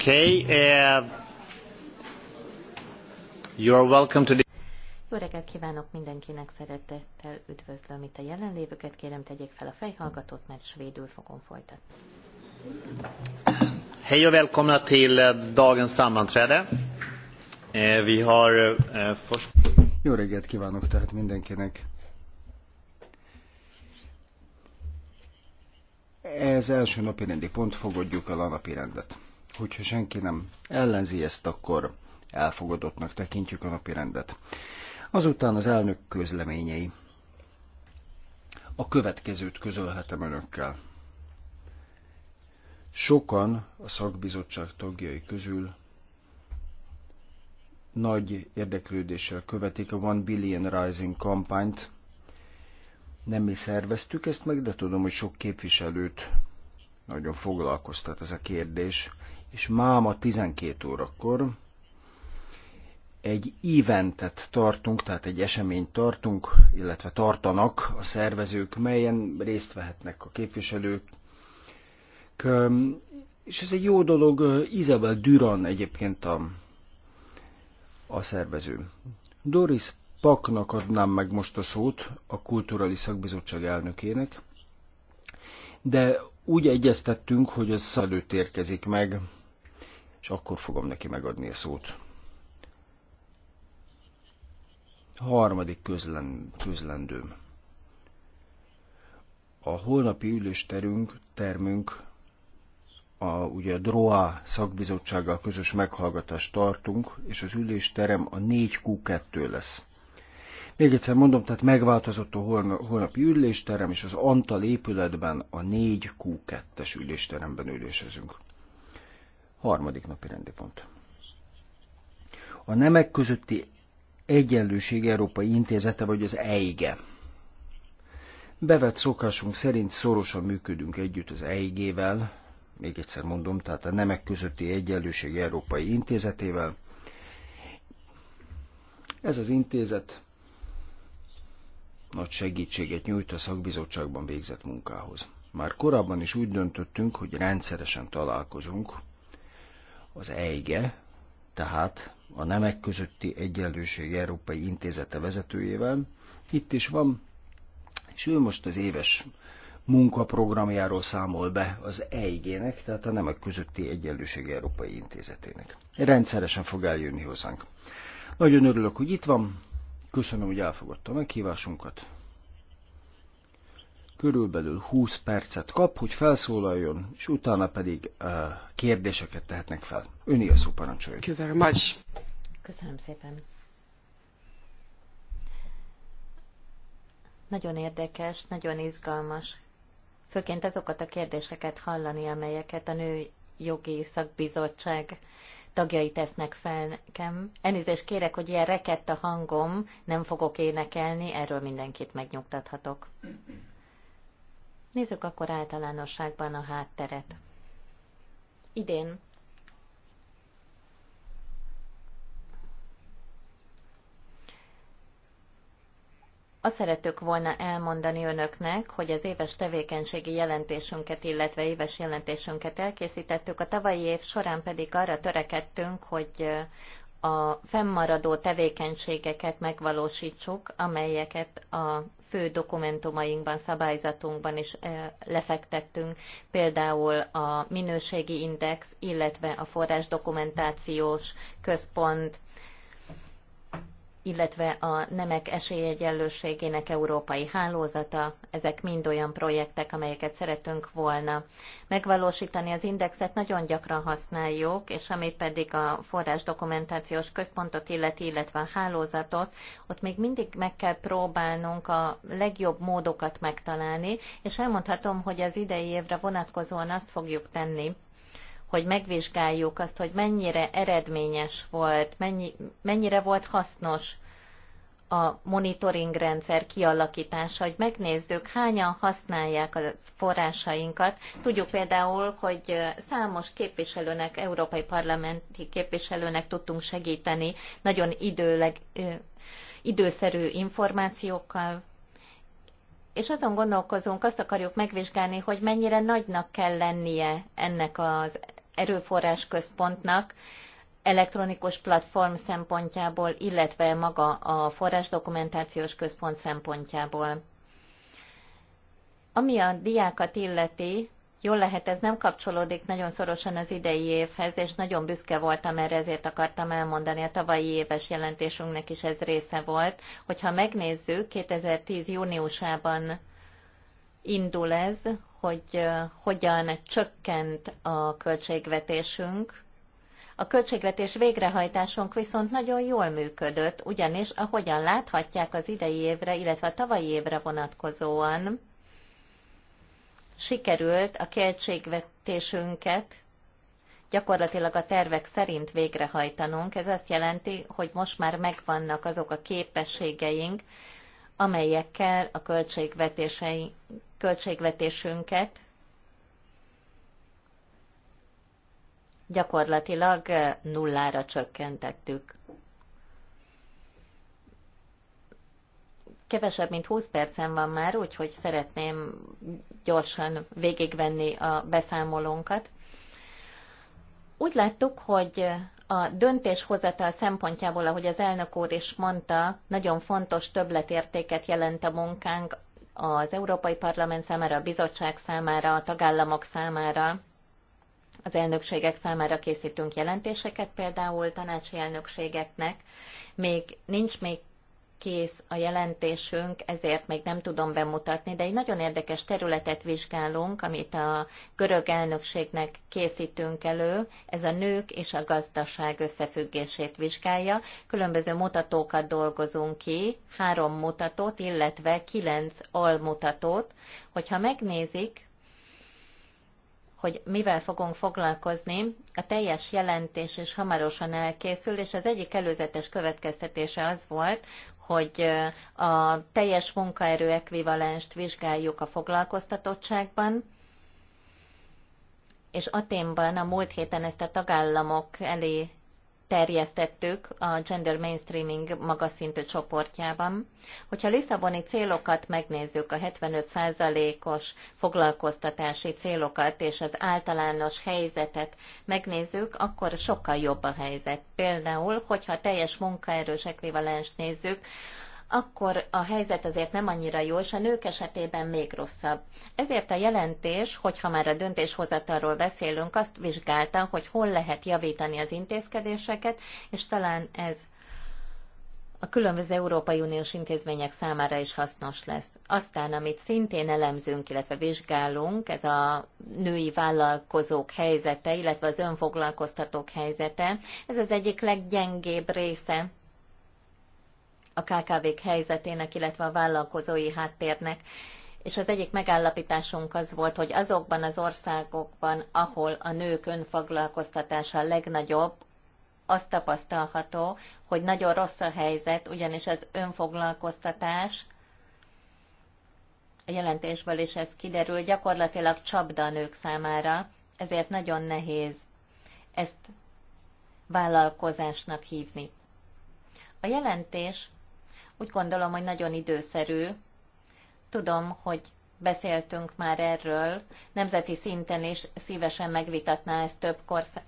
Okay. Uh, you are welcome to the... Jó reggelt kívánok mindenkinek, szeretettel üdvözlöm itt a jelenlévőket. Kérem, tegyék fel a fejhallgatót, mert svédül fogom folytatni. Hej och välkomna till eh, dagens sammanträde. Eh, vi har eh, först... Jó reggelt kívánok tehát mindenkinek. Ez első napi rendi pont, fogadjuk el a napi rendet. Hogyha senki nem ellenzi ezt, akkor elfogadottnak tekintjük a napi rendet. Azután az elnök közleményei. A következőt közölhetem önökkel. Sokan a szakbizottság tagjai közül nagy érdeklődéssel követik a One Billion Rising kampányt. Nem mi szerveztük ezt meg, de tudom, hogy sok képviselőt nagyon foglalkoztat ez a kérdés, és máma 12 órakor egy eventet tartunk, tehát egy eseményt tartunk, illetve tartanak a szervezők, melyen részt vehetnek a képviselők. És ez egy jó dolog, Isabel Duran egyébként a, a szervező. Doris Paknak adnám meg most a szót, a Kulturális Szakbizottság elnökének, de úgy egyeztettünk, hogy az előtt érkezik meg, és akkor fogom neki megadni a szót. A harmadik közlen, közlendőm. A holnapi ülésterünk, termünk, a, ugye a DROA szakbizottsággal közös meghallgatást tartunk, és az ülésterem a 4Q2 lesz. Még egyszer mondom, tehát megváltozott a holnapi ülésterem, és az Antal épületben a 4Q2-es ülésteremben ülésezünk. Harmadik napi rendi pont. A nemek közötti Egyenlőség Európai Intézete, vagy az EIGE. Bevett szokásunk szerint szorosan működünk együtt az EIG-vel, még egyszer mondom, tehát a Nemek Közötti Egyenlőség Európai Intézetével. Ez az intézet nagy segítséget nyújt a szakbizottságban végzett munkához. Már korábban is úgy döntöttünk, hogy rendszeresen találkozunk, az EIGE, e, tehát a Nemek közötti Egyenlőség Európai Intézete vezetőjével. Itt is van, és ő most az éves munkaprogramjáról számol be az EIG-nek, tehát a Nemek közötti Egyenlőség Európai Intézetének. Rendszeresen fog eljönni hozzánk. Nagyon örülök, hogy itt van, köszönöm, hogy elfogadta a meghívásunkat, körülbelül 20 percet kap, hogy felszólaljon, és utána pedig uh, kérdéseket tehetnek fel. Öni a szó parancsoljon. Köszönöm szépen. Nagyon érdekes, nagyon izgalmas. Főként azokat a kérdéseket hallani, amelyeket a nő jogi szakbizottság tagjai tesznek fel nekem. Elnézést kérek, hogy ilyen rekett a hangom, nem fogok énekelni, erről mindenkit megnyugtathatok. Nézzük akkor általánosságban a hátteret. Idén Azt szeretők volna elmondani önöknek, hogy az éves tevékenységi jelentésünket, illetve éves jelentésünket elkészítettük, a tavalyi év során pedig arra törekedtünk, hogy a fennmaradó tevékenységeket megvalósítsuk, amelyeket a fő dokumentumainkban, szabályzatunkban is lefektettünk, például a minőségi index, illetve a forrás dokumentációs központ illetve a nemek esélyegyenlőségének európai hálózata, ezek mind olyan projektek, amelyeket szeretünk volna megvalósítani. Az indexet nagyon gyakran használjuk, és ami pedig a forrás dokumentációs központot illeti, illetve a hálózatot, ott még mindig meg kell próbálnunk a legjobb módokat megtalálni, és elmondhatom, hogy az idei évre vonatkozóan azt fogjuk tenni, hogy megvizsgáljuk azt, hogy mennyire eredményes volt, mennyi, mennyire volt hasznos a monitoring rendszer kialakítása, hogy megnézzük, hányan használják a forrásainkat. Tudjuk például, hogy számos képviselőnek, európai parlamenti képviselőnek tudtunk segíteni nagyon időleg, időszerű információkkal, és azon gondolkozunk, azt akarjuk megvizsgálni, hogy mennyire nagynak kell lennie ennek az erőforrás központnak elektronikus platform szempontjából, illetve maga a forrás dokumentációs központ szempontjából. Ami a diákat illeti, jól lehet, ez nem kapcsolódik nagyon szorosan az idei évhez, és nagyon büszke voltam erre, ezért akartam elmondani, a tavalyi éves jelentésünknek is ez része volt. Hogyha megnézzük, 2010 júniusában indul ez, hogy hogyan csökkent a költségvetésünk. A költségvetés végrehajtásunk viszont nagyon jól működött, ugyanis ahogyan láthatják az idei évre, illetve a tavalyi évre vonatkozóan, sikerült a költségvetésünket gyakorlatilag a tervek szerint végrehajtanunk. Ez azt jelenti, hogy most már megvannak azok a képességeink, amelyekkel a költségvetései költségvetésünket gyakorlatilag nullára csökkentettük. Kevesebb, mint 20 percen van már, úgyhogy szeretném gyorsan végigvenni a beszámolónkat. Úgy láttuk, hogy a döntéshozatal szempontjából, ahogy az elnök úr is mondta, nagyon fontos többletértéket jelent a munkánk az Európai Parlament számára, a bizottság számára, a tagállamok számára, az elnökségek számára készítünk jelentéseket, például tanácsi elnökségeknek. Még nincs még kész a jelentésünk, ezért még nem tudom bemutatni, de egy nagyon érdekes területet vizsgálunk, amit a görög elnökségnek készítünk elő. Ez a nők és a gazdaság összefüggését vizsgálja. Különböző mutatókat dolgozunk ki, három mutatót, illetve kilenc almutatót. Hogyha megnézik, hogy mivel fogunk foglalkozni. A teljes jelentés is hamarosan elkészül, és az egyik előzetes következtetése az volt, hogy a teljes munkaerő ekvivalenst vizsgáljuk a foglalkoztatottságban, és Aténban a múlt héten ezt a tagállamok elé terjesztettük a Gender Mainstreaming magas szintű csoportjában. Hogyha Lisszaboni célokat megnézzük, a 75%-os foglalkoztatási célokat és az általános helyzetet megnézzük, akkor sokkal jobb a helyzet. Például, hogyha teljes munkaerős ekvivalens nézzük, akkor a helyzet azért nem annyira jó, és a nők esetében még rosszabb. Ezért a jelentés, hogyha már a döntéshozatalról beszélünk, azt vizsgálta, hogy hol lehet javítani az intézkedéseket, és talán ez a különböző Európai Uniós intézmények számára is hasznos lesz. Aztán, amit szintén elemzünk, illetve vizsgálunk, ez a női vállalkozók helyzete, illetve az önfoglalkoztatók helyzete, ez az egyik leggyengébb része a KKV-k helyzetének, illetve a vállalkozói háttérnek. És az egyik megállapításunk az volt, hogy azokban az országokban, ahol a nők önfoglalkoztatása a legnagyobb, azt tapasztalható, hogy nagyon rossz a helyzet, ugyanis az önfoglalkoztatás, a jelentésből is ez kiderül, gyakorlatilag csapda a nők számára, ezért nagyon nehéz ezt vállalkozásnak hívni. A jelentés úgy gondolom, hogy nagyon időszerű. Tudom, hogy beszéltünk már erről, nemzeti szinten is szívesen megvitatná ezt több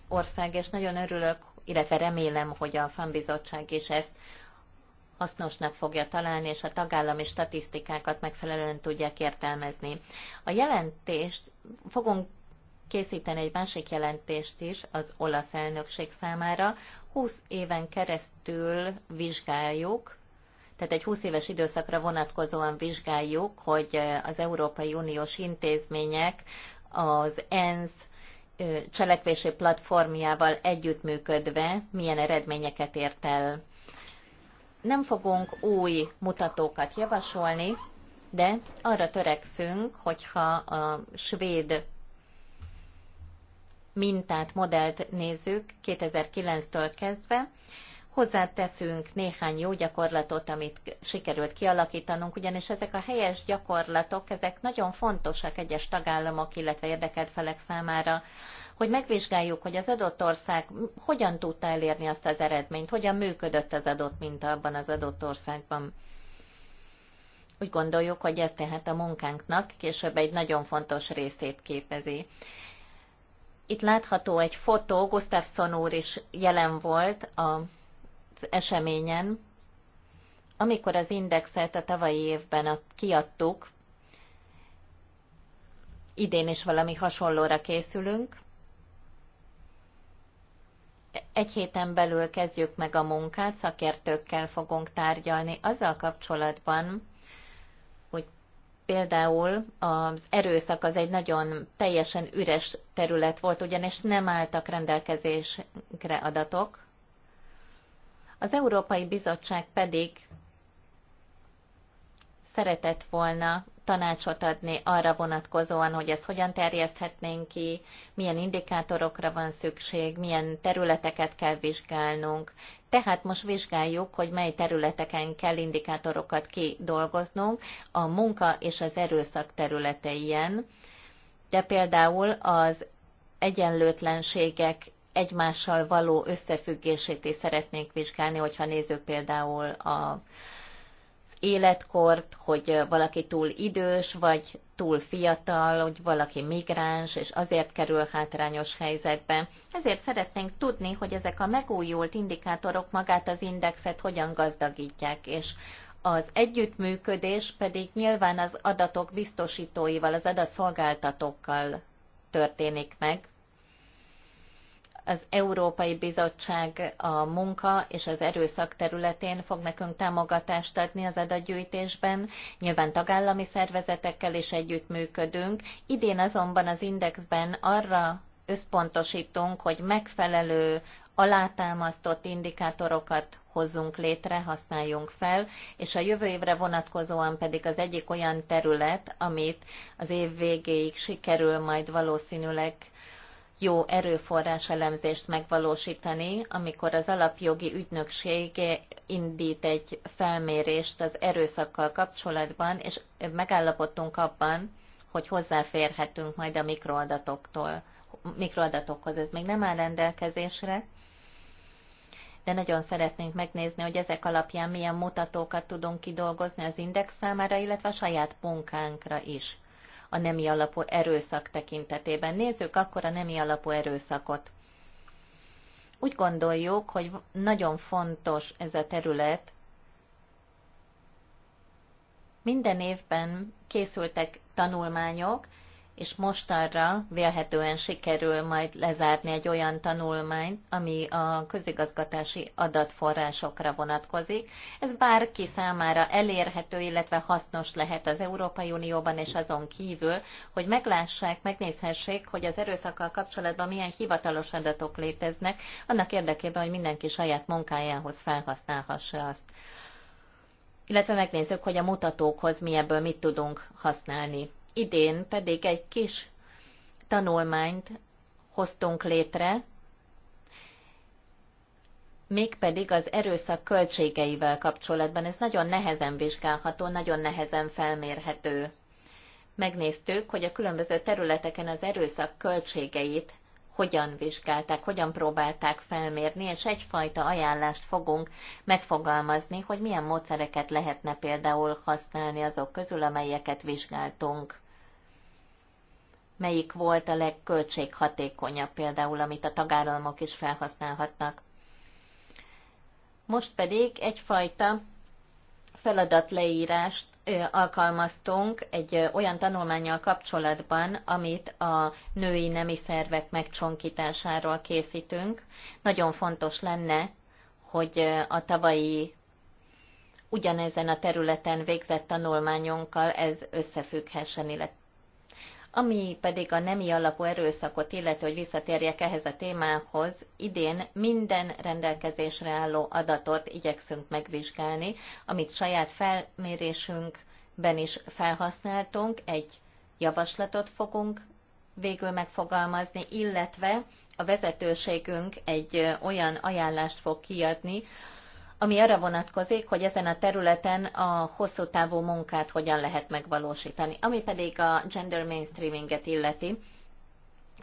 ország, és nagyon örülök, illetve remélem, hogy a fanbizottság is ezt hasznosnak fogja találni, és a tagállami statisztikákat megfelelően tudják értelmezni. A jelentést fogunk készíteni egy másik jelentést is az olasz elnökség számára. 20 éven keresztül vizsgáljuk tehát egy 20 éves időszakra vonatkozóan vizsgáljuk, hogy eh, az Európai Uniós intézmények az ENSZ eh, cselekvési platformjával együttműködve milyen eredményeket ért el. Nem fogunk új mutatókat javasolni, de arra törekszünk, hogyha a svéd mintát, modellt nézzük 2009-től kezdve, hozzáteszünk néhány jó gyakorlatot, amit sikerült kialakítanunk, ugyanis ezek a helyes gyakorlatok, ezek nagyon fontosak egyes tagállamok, illetve érdekelt felek számára, hogy megvizsgáljuk, hogy az adott ország hogyan tudta elérni azt az eredményt, hogyan működött az adott minta abban az adott országban. Úgy gondoljuk, hogy ez tehát a munkánknak később egy nagyon fontos részét képezi. Itt látható egy fotó, Gustafsson úr is jelen volt a eseményen, amikor az indexet a tavalyi évben kiadtuk, idén is valami hasonlóra készülünk. Egy héten belül kezdjük meg a munkát, szakértőkkel fogunk tárgyalni azzal kapcsolatban, hogy például az erőszak az egy nagyon teljesen üres terület volt, ugyanis nem álltak rendelkezésre adatok, az Európai Bizottság pedig szeretett volna tanácsot adni arra vonatkozóan, hogy ezt hogyan terjeszthetnénk ki, milyen indikátorokra van szükség, milyen területeket kell vizsgálnunk. Tehát most vizsgáljuk, hogy mely területeken kell indikátorokat kidolgoznunk, a munka és az erőszak területe ilyen, de például az egyenlőtlenségek egymással való összefüggését is szeretnénk vizsgálni, hogyha nézzük például a életkort, hogy valaki túl idős, vagy túl fiatal, hogy valaki migráns, és azért kerül hátrányos helyzetbe. Ezért szeretnénk tudni, hogy ezek a megújult indikátorok magát az indexet hogyan gazdagítják, és az együttműködés pedig nyilván az adatok biztosítóival, az adatszolgáltatókkal történik meg, az Európai Bizottság a munka és az erőszak területén fog nekünk támogatást adni az adatgyűjtésben. Nyilván tagállami szervezetekkel is együttműködünk. Idén azonban az indexben arra összpontosítunk, hogy megfelelő alátámasztott indikátorokat hozzunk létre, használjunk fel, és a jövő évre vonatkozóan pedig az egyik olyan terület, amit az év végéig sikerül majd valószínűleg jó erőforrás elemzést megvalósítani, amikor az alapjogi ügynökség indít egy felmérést az erőszakkal kapcsolatban, és megállapodtunk abban, hogy hozzáférhetünk majd a mikroadatoktól, mikroadatokhoz. Ez még nem áll rendelkezésre, de nagyon szeretnénk megnézni, hogy ezek alapján milyen mutatókat tudunk kidolgozni az index számára, illetve a saját munkánkra is a nemi alapú erőszak tekintetében. Nézzük akkor a nemi alapú erőszakot. Úgy gondoljuk, hogy nagyon fontos ez a terület. Minden évben készültek tanulmányok, és mostanra vélhetően sikerül majd lezárni egy olyan tanulmányt, ami a közigazgatási adatforrásokra vonatkozik. Ez bárki számára elérhető, illetve hasznos lehet az Európai Unióban és azon kívül, hogy meglássák, megnézhessék, hogy az erőszakkal kapcsolatban milyen hivatalos adatok léteznek, annak érdekében, hogy mindenki saját munkájához felhasználhassa azt. Illetve megnézzük, hogy a mutatókhoz mi ebből mit tudunk használni. Idén pedig egy kis tanulmányt hoztunk létre, mégpedig az erőszak költségeivel kapcsolatban. Ez nagyon nehezen vizsgálható, nagyon nehezen felmérhető. Megnéztük, hogy a különböző területeken az erőszak költségeit hogyan vizsgálták, hogyan próbálták felmérni, és egyfajta ajánlást fogunk megfogalmazni, hogy milyen módszereket lehetne például használni azok közül, amelyeket vizsgáltunk melyik volt a legköltséghatékonyabb például, amit a tagállamok is felhasználhatnak. Most pedig egyfajta feladatleírást alkalmaztunk egy olyan tanulmányjal kapcsolatban, amit a női nemi szervek megcsonkításáról készítünk. Nagyon fontos lenne, hogy a tavalyi ugyanezen a területen végzett tanulmányunkkal ez összefügghessen, illetve ami pedig a nemi alapú erőszakot illeti, hogy visszatérjek ehhez a témához, idén minden rendelkezésre álló adatot igyekszünk megvizsgálni, amit saját felmérésünkben is felhasználtunk, egy javaslatot fogunk végül megfogalmazni, illetve a vezetőségünk egy olyan ajánlást fog kiadni, ami arra vonatkozik, hogy ezen a területen a hosszú távú munkát hogyan lehet megvalósítani. Ami pedig a gender mainstreaminget illeti,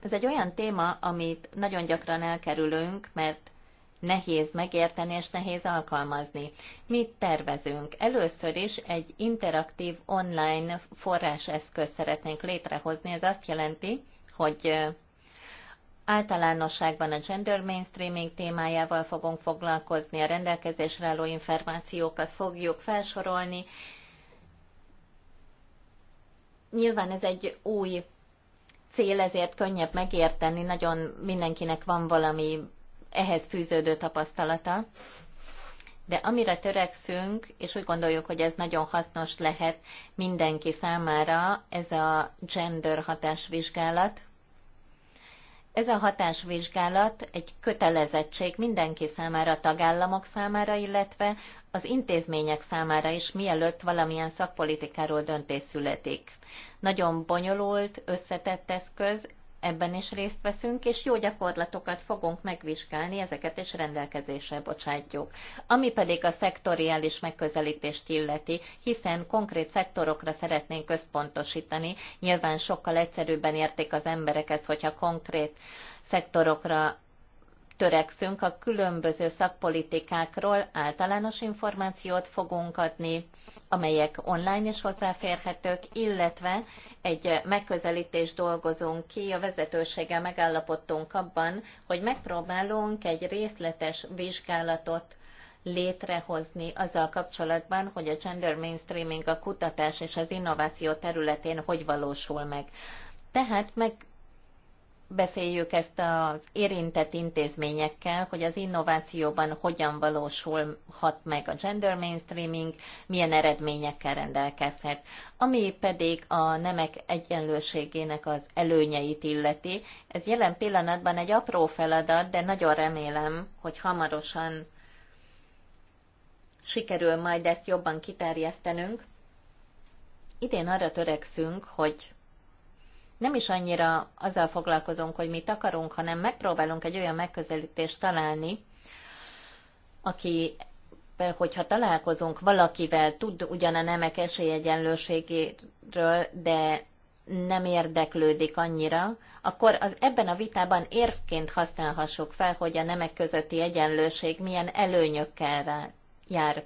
ez egy olyan téma, amit nagyon gyakran elkerülünk, mert nehéz megérteni és nehéz alkalmazni. Mit tervezünk? Először is egy interaktív online forráseszköz szeretnénk létrehozni. Ez azt jelenti, hogy Általánosságban a gender mainstreaming témájával fogunk foglalkozni, a rendelkezésre álló információkat fogjuk felsorolni. Nyilván ez egy új cél, ezért könnyebb megérteni, nagyon mindenkinek van valami ehhez fűződő tapasztalata. De amire törekszünk, és úgy gondoljuk, hogy ez nagyon hasznos lehet mindenki számára, ez a gender hatásvizsgálat, ez a hatásvizsgálat egy kötelezettség mindenki számára, a tagállamok számára, illetve az intézmények számára is, mielőtt valamilyen szakpolitikáról döntés születik. Nagyon bonyolult, összetett eszköz, ebben is részt veszünk, és jó gyakorlatokat fogunk megvizsgálni, ezeket is rendelkezésre bocsátjuk. Ami pedig a szektoriális megközelítést illeti, hiszen konkrét szektorokra szeretnénk összpontosítani, nyilván sokkal egyszerűbben érték az emberek ezt, hogyha konkrét szektorokra törekszünk, a különböző szakpolitikákról általános információt fogunk adni, amelyek online is hozzáférhetők, illetve egy megközelítést dolgozunk ki, a vezetőséggel megállapodtunk abban, hogy megpróbálunk egy részletes vizsgálatot létrehozni azzal kapcsolatban, hogy a gender mainstreaming a kutatás és az innováció területén hogy valósul meg. Tehát meg beszéljük ezt az érintett intézményekkel, hogy az innovációban hogyan valósulhat meg a gender mainstreaming, milyen eredményekkel rendelkezhet. Ami pedig a nemek egyenlőségének az előnyeit illeti, ez jelen pillanatban egy apró feladat, de nagyon remélem, hogy hamarosan sikerül majd ezt jobban kiterjesztenünk. Idén arra törekszünk, hogy nem is annyira azzal foglalkozunk, hogy mit akarunk, hanem megpróbálunk egy olyan megközelítést találni, aki hogyha találkozunk valakivel, tud ugyan a nemek esélyegyenlőségéről, de nem érdeklődik annyira, akkor az, ebben a vitában érvként használhassuk fel, hogy a nemek közötti egyenlőség milyen előnyökkel jár.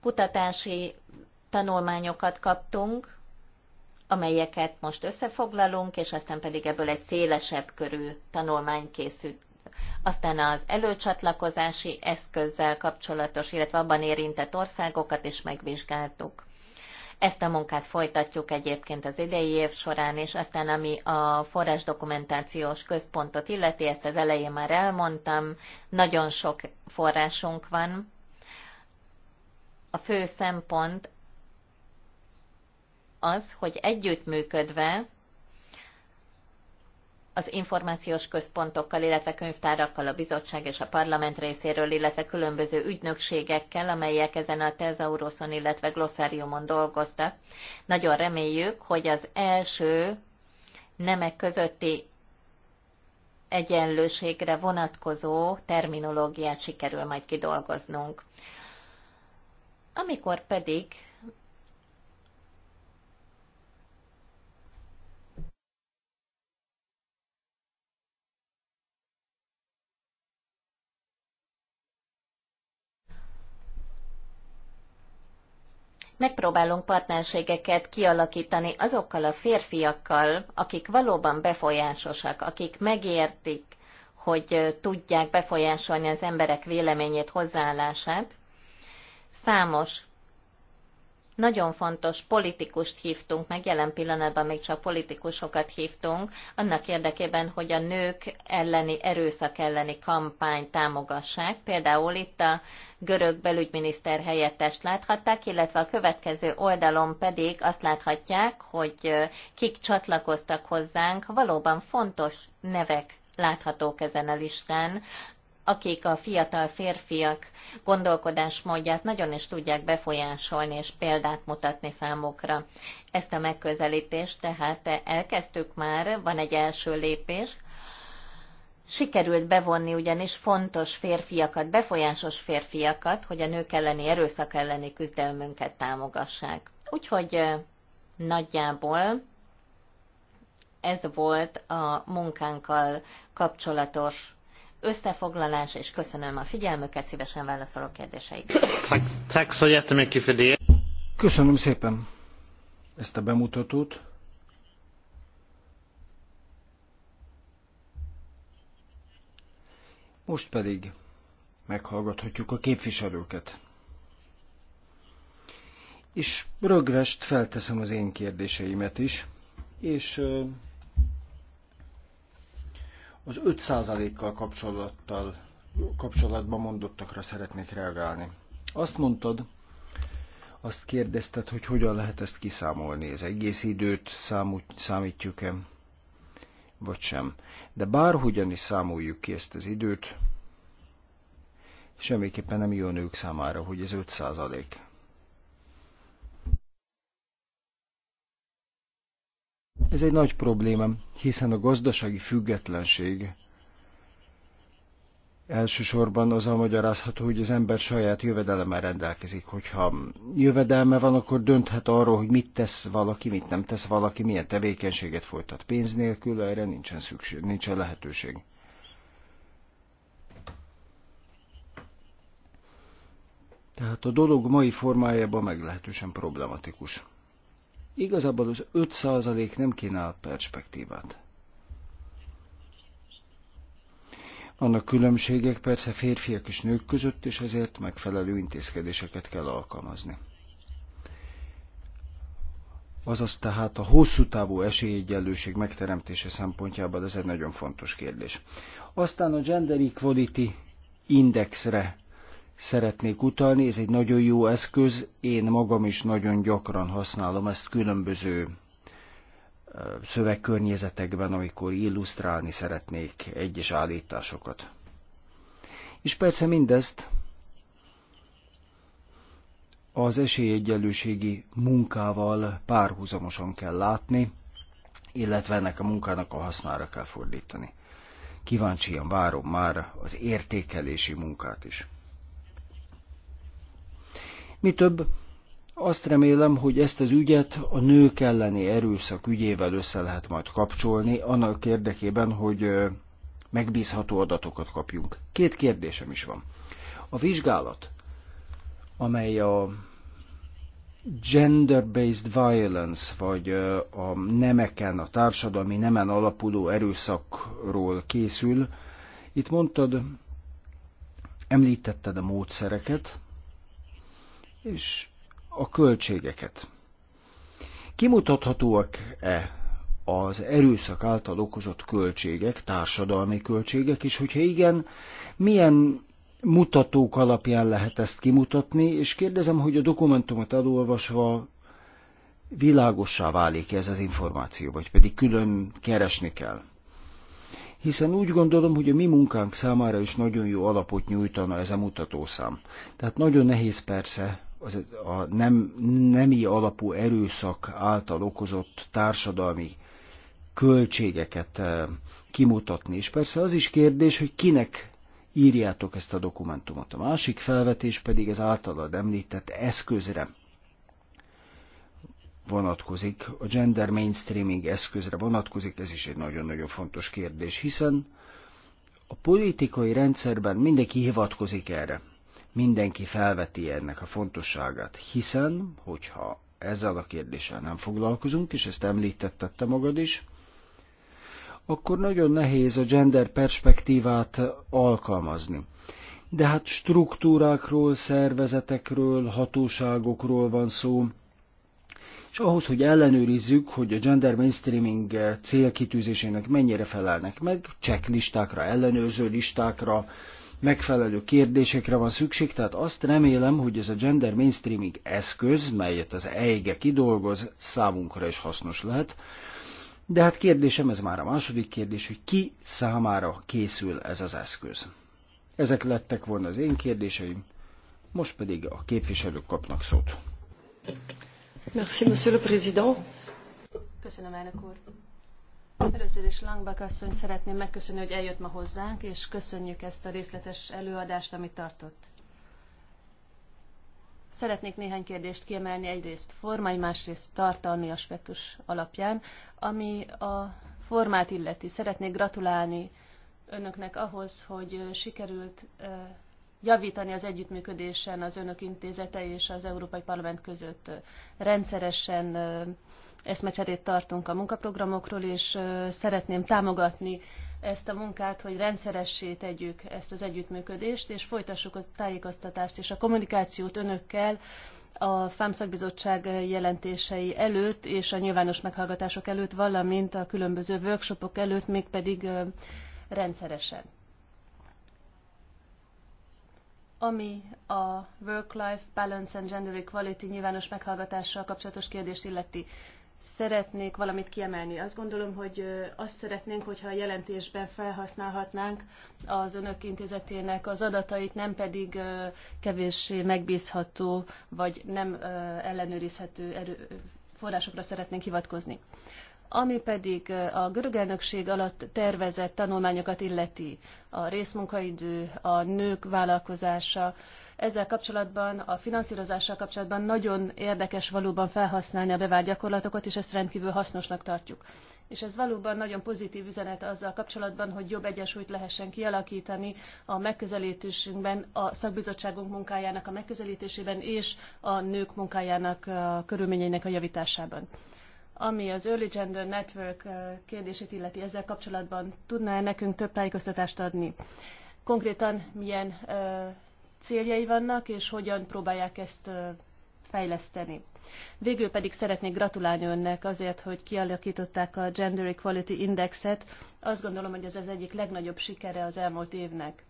Kutatási tanulmányokat kaptunk, amelyeket most összefoglalunk, és aztán pedig ebből egy szélesebb körű tanulmány készült. Aztán az előcsatlakozási eszközzel kapcsolatos, illetve abban érintett országokat is megvizsgáltuk. Ezt a munkát folytatjuk egyébként az idei év során, és aztán ami a forrásdokumentációs központot illeti, ezt az elején már elmondtam, nagyon sok forrásunk van. A fő szempont az, hogy együttműködve az információs központokkal, illetve könyvtárakkal, a bizottság és a parlament részéről, illetve különböző ügynökségekkel, amelyek ezen a tezauroszon, illetve glossáriumon dolgoztak. Nagyon reméljük, hogy az első nemek közötti egyenlőségre vonatkozó terminológiát sikerül majd kidolgoznunk. Amikor pedig megpróbálunk partnerségeket kialakítani azokkal a férfiakkal, akik valóban befolyásosak, akik megértik, hogy tudják befolyásolni az emberek véleményét, hozzáállását. Számos nagyon fontos politikust hívtunk meg, jelen pillanatban még csak politikusokat hívtunk, annak érdekében, hogy a nők elleni erőszak elleni kampányt támogassák. Például itt a görög belügyminiszter helyettest láthatták, illetve a következő oldalon pedig azt láthatják, hogy kik csatlakoztak hozzánk, valóban fontos nevek láthatók ezen a listán, akik a fiatal férfiak gondolkodásmódját nagyon is tudják befolyásolni és példát mutatni számukra. Ezt a megközelítést tehát elkezdtük már, van egy első lépés. Sikerült bevonni ugyanis fontos férfiakat, befolyásos férfiakat, hogy a nők elleni erőszak elleni küzdelmünket támogassák. Úgyhogy nagyjából ez volt a munkánkkal kapcsolatos összefoglalás, és köszönöm a figyelmüket, szívesen válaszolok kérdéseikre. Köszönöm szépen ezt a bemutatót. Most pedig meghallgathatjuk a képviselőket. És rögvest felteszem az én kérdéseimet is, és az 5%-kal kapcsolattal, kapcsolatban mondottakra szeretnék reagálni. Azt mondtad, azt kérdezted, hogy hogyan lehet ezt kiszámolni, ez egész időt számít, számítjuk-e, vagy sem. De bárhogyan is számoljuk ki ezt az időt, semmiképpen nem jön ők számára, hogy ez 5 százalék. Ez egy nagy problémám, hiszen a gazdasági függetlenség elsősorban az a magyarázható, hogy az ember saját jövedelemmel rendelkezik. Hogyha jövedelme van, akkor dönthet arról, hogy mit tesz valaki, mit nem tesz valaki, milyen tevékenységet folytat. Pénz nélkül erre nincsen, szükség, nincsen lehetőség. Tehát a dolog mai formájában meglehetősen problematikus. Igazából az 5% nem kínál perspektívát. Vannak különbségek persze férfiak és nők között, és ezért megfelelő intézkedéseket kell alkalmazni. Azaz tehát a hosszú távú esélyegyenlőség megteremtése szempontjából ez egy nagyon fontos kérdés. Aztán a Gender Equality indexre szeretnék utalni. Ez egy nagyon jó eszköz, én magam is nagyon gyakran használom ezt különböző szövegkörnyezetekben, amikor illusztrálni szeretnék egyes állításokat. És persze mindezt az esélyegyenlőségi munkával párhuzamosan kell látni, illetve ennek a munkának a hasznára kell fordítani. Kíváncsian várom már az értékelési munkát is. Mi több, azt remélem, hogy ezt az ügyet a nők elleni erőszak ügyével össze lehet majd kapcsolni, annak érdekében, hogy megbízható adatokat kapjunk. Két kérdésem is van. A vizsgálat, amely a gender-based violence, vagy a nemeken, a társadalmi nemen alapuló erőszakról készül. Itt mondtad, említetted a módszereket, és a költségeket. Kimutathatóak-e az erőszak által okozott költségek, társadalmi költségek, és hogyha igen, milyen mutatók alapján lehet ezt kimutatni, és kérdezem, hogy a dokumentumot elolvasva világossá válik ez az információ, vagy pedig külön keresni kell. Hiszen úgy gondolom, hogy a mi munkánk számára is nagyon jó alapot nyújtana ez a mutatószám. Tehát nagyon nehéz persze az, a nem, nemi alapú erőszak által okozott társadalmi költségeket eh, kimutatni. És persze az is kérdés, hogy kinek írjátok ezt a dokumentumot. A másik felvetés pedig az általad említett eszközre vonatkozik, a gender mainstreaming eszközre vonatkozik, ez is egy nagyon-nagyon fontos kérdés, hiszen a politikai rendszerben mindenki hivatkozik erre mindenki felveti ennek a fontosságát, hiszen, hogyha ezzel a kérdéssel nem foglalkozunk, és ezt említettette magad is, akkor nagyon nehéz a gender perspektívát alkalmazni. De hát struktúrákról, szervezetekről, hatóságokról van szó, és ahhoz, hogy ellenőrizzük, hogy a gender mainstreaming célkitűzésének mennyire felelnek meg, checklistákra, ellenőrző listákra, megfelelő kérdésekre van szükség, tehát azt remélem, hogy ez a gender mainstreaming eszköz, melyet az EIGE kidolgoz, számunkra is hasznos lehet. De hát kérdésem, ez már a második kérdés, hogy ki számára készül ez az eszköz. Ezek lettek volna az én kérdéseim, most pedig a képviselők kapnak szót. Merci, monsieur le président. Köszönöm, elnök úr. Először is Langbak asszony szeretném megköszönni, hogy eljött ma hozzánk, és köszönjük ezt a részletes előadást, amit tartott. Szeretnék néhány kérdést kiemelni egyrészt formai, másrészt tartalmi aspektus alapján, ami a formát illeti. Szeretnék gratulálni önöknek ahhoz, hogy sikerült javítani az együttműködésen az önök intézete és az Európai Parlament között rendszeresen eszmecserét tartunk a munkaprogramokról, és szeretném támogatni ezt a munkát, hogy rendszeressé tegyük ezt az együttműködést, és folytassuk a tájékoztatást és a kommunikációt önökkel a FAM szakbizottság jelentései előtt és a nyilvános meghallgatások előtt, valamint a különböző workshopok előtt, mégpedig rendszeresen. Ami a Work-Life Balance and Gender Equality nyilvános meghallgatással kapcsolatos kérdést illeti, szeretnék valamit kiemelni. Azt gondolom, hogy azt szeretnénk, hogyha a jelentésben felhasználhatnánk az önök intézetének az adatait, nem pedig kevéssé megbízható vagy nem ellenőrizhető erő, forrásokra szeretnénk hivatkozni. Ami pedig a görög elnökség alatt tervezett tanulmányokat illeti, a részmunkaidő, a nők vállalkozása, ezzel kapcsolatban, a finanszírozással kapcsolatban nagyon érdekes valóban felhasználni a bevált gyakorlatokat, és ezt rendkívül hasznosnak tartjuk. És ez valóban nagyon pozitív üzenet azzal kapcsolatban, hogy jobb egyensúlyt lehessen kialakítani a megközelítésünkben, a szakbizottságunk munkájának a megközelítésében és a nők munkájának a körülményeinek a javításában ami az Early Gender Network kérdését illeti ezzel kapcsolatban, tudná -e nekünk több tájékoztatást adni? Konkrétan milyen céljai vannak, és hogyan próbálják ezt fejleszteni. Végül pedig szeretnék gratulálni önnek azért, hogy kialakították a Gender Equality Indexet. Azt gondolom, hogy ez az egyik legnagyobb sikere az elmúlt évnek.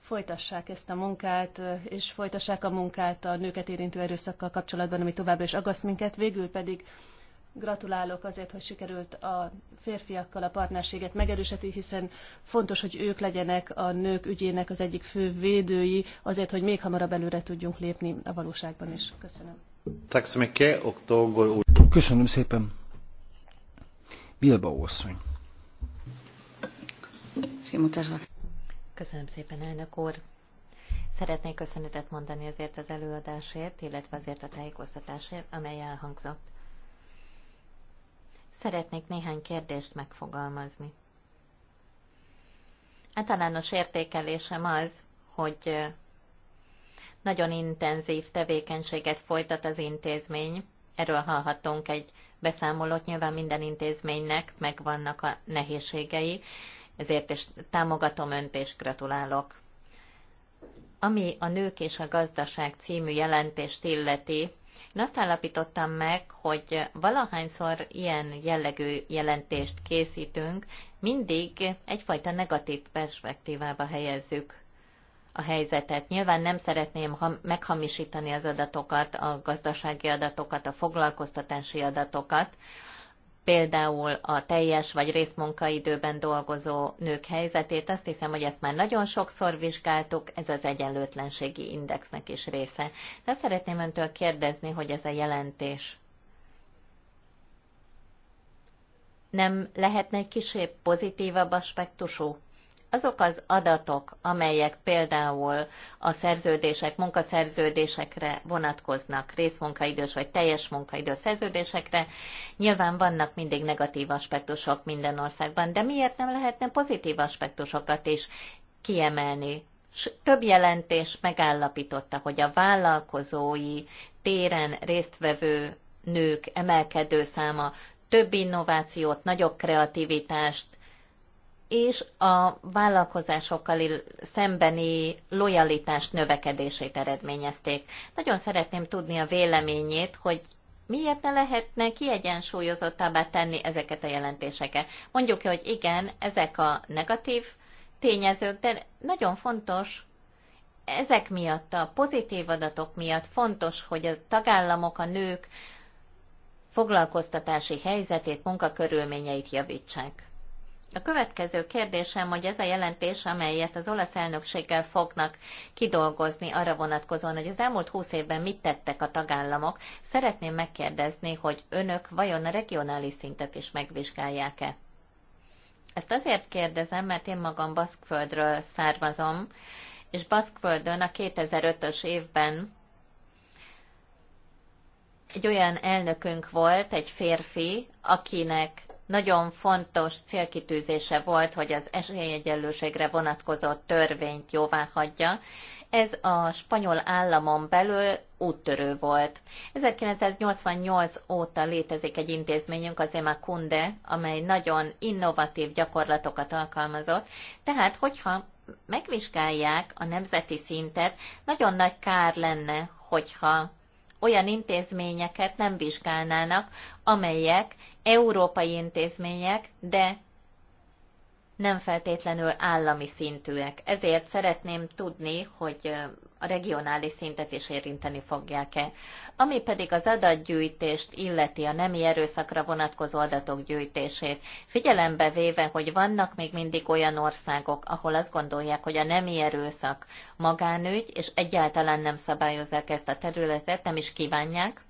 Folytassák ezt a munkát, és folytassák a munkát a nőket érintő erőszakkal kapcsolatban, ami továbbra is agaszt minket. Végül pedig Gratulálok azért, hogy sikerült a férfiakkal a partnerséget megerősíteni, hiszen fontos, hogy ők legyenek a nők ügyének az egyik fő védői, azért, hogy még hamarabb előre tudjunk lépni a valóságban is. Köszönöm. Köszönöm szépen. Bilbao asszony. Köszönöm szépen, elnök úr. Szeretnék köszönetet mondani azért az előadásért, illetve azért a tájékoztatásért, amely elhangzott. Szeretnék néhány kérdést megfogalmazni. Általános értékelésem az, hogy nagyon intenzív tevékenységet folytat az intézmény. Erről hallhatunk egy beszámolót, nyilván minden intézménynek megvannak a nehézségei, ezért is támogatom önt és gratulálok. Ami a Nők és a Gazdaság című jelentést illeti, én azt állapítottam meg, hogy valahányszor ilyen jellegű jelentést készítünk, mindig egyfajta negatív perspektívába helyezzük a helyzetet. Nyilván nem szeretném meghamisítani az adatokat, a gazdasági adatokat, a foglalkoztatási adatokat, például a teljes vagy részmunkaidőben dolgozó nők helyzetét. Azt hiszem, hogy ezt már nagyon sokszor vizsgáltuk, ez az egyenlőtlenségi indexnek is része. De szeretném öntől kérdezni, hogy ez a jelentés nem lehetne egy kicsit pozitívabb aspektusú? azok az adatok, amelyek például a szerződések, munkaszerződésekre vonatkoznak, részmunkaidős vagy teljes munkaidő szerződésekre, nyilván vannak mindig negatív aspektusok minden országban, de miért nem lehetne pozitív aspektusokat is kiemelni? S több jelentés megállapította, hogy a vállalkozói téren résztvevő nők emelkedő száma több innovációt, nagyobb kreativitást, és a vállalkozásokkal szembeni lojalitás növekedését eredményezték. Nagyon szeretném tudni a véleményét, hogy miért ne lehetne kiegyensúlyozottabbá tenni ezeket a jelentéseket. Mondjuk hogy igen, ezek a negatív tényezők, de nagyon fontos, ezek miatt, a pozitív adatok miatt fontos, hogy a tagállamok, a nők foglalkoztatási helyzetét, munkakörülményeit javítsák. A következő kérdésem, hogy ez a jelentés, amelyet az olasz elnökséggel fognak kidolgozni arra vonatkozóan, hogy az elmúlt húsz évben mit tettek a tagállamok, szeretném megkérdezni, hogy önök vajon a regionális szintet is megvizsgálják-e? Ezt azért kérdezem, mert én magam Baszkföldről származom, és Baszkföldön a 2005-ös évben egy olyan elnökünk volt, egy férfi, akinek nagyon fontos célkitűzése volt, hogy az esélyegyenlőségre vonatkozó törvényt jóvá hagyja. Ez a spanyol államon belül úttörő volt. 1988 óta létezik egy intézményünk, az EMA Kunde, amely nagyon innovatív gyakorlatokat alkalmazott. Tehát, hogyha megvizsgálják a nemzeti szintet, nagyon nagy kár lenne, hogyha olyan intézményeket nem vizsgálnának, amelyek európai intézmények, de nem feltétlenül állami szintűek. Ezért szeretném tudni, hogy a regionális szintet is érinteni fogják-e. Ami pedig az adatgyűjtést illeti a nemi erőszakra vonatkozó adatok gyűjtését, figyelembe véve, hogy vannak még mindig olyan országok, ahol azt gondolják, hogy a nemi erőszak magánügy, és egyáltalán nem szabályozzák ezt a területet, nem is kívánják,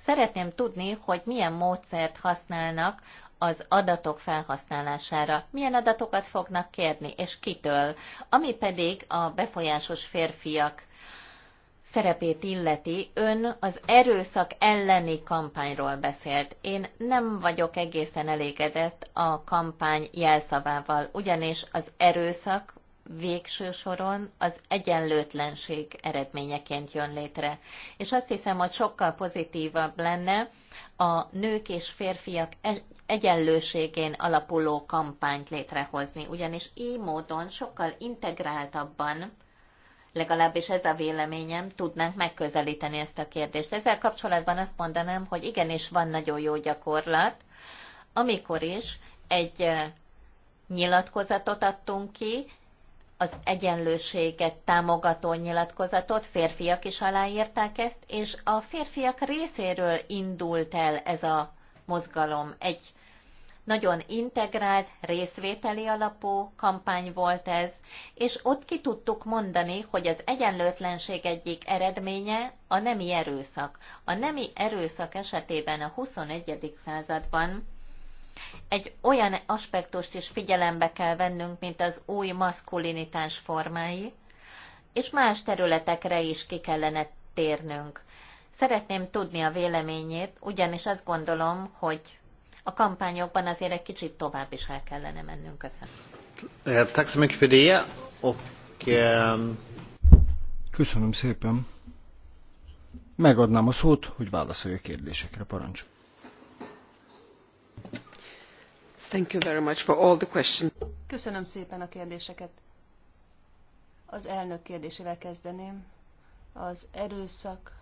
Szeretném tudni, hogy milyen módszert használnak az adatok felhasználására, milyen adatokat fognak kérni, és kitől, ami pedig a befolyásos férfiak szerepét illeti, ön az erőszak elleni kampányról beszélt. Én nem vagyok egészen elégedett a kampány jelszavával, ugyanis az erőszak végső soron az egyenlőtlenség eredményeként jön létre. És azt hiszem, hogy sokkal pozitívabb lenne a nők és férfiak e- egyenlőségén alapuló kampányt létrehozni, ugyanis így módon sokkal integráltabban legalábbis ez a véleményem, tudnánk megközelíteni ezt a kérdést. Ezzel kapcsolatban azt mondanám, hogy igenis van nagyon jó gyakorlat, amikor is egy nyilatkozatot adtunk ki, az egyenlőséget támogató nyilatkozatot, férfiak is aláírták ezt, és a férfiak részéről indult el ez a mozgalom. Egy nagyon integrált, részvételi alapú kampány volt ez, és ott ki tudtuk mondani, hogy az egyenlőtlenség egyik eredménye a nemi erőszak. A nemi erőszak esetében a 21. században egy olyan aspektust is figyelembe kell vennünk, mint az új maszkulinitás formái, és más területekre is ki kellene térnünk. Szeretném tudni a véleményét, ugyanis azt gondolom, hogy a kampányokban azért egy kicsit tovább is el kellene mennünk. Köszönöm. Tack så ehm, Köszönöm szépen. Megadnám a szót, hogy válaszolja a kérdésekre. Parancs. Thank you very much for all the questions. Köszönöm szépen a kérdéseket. Az elnök kérdésével kezdeném. Az erőszak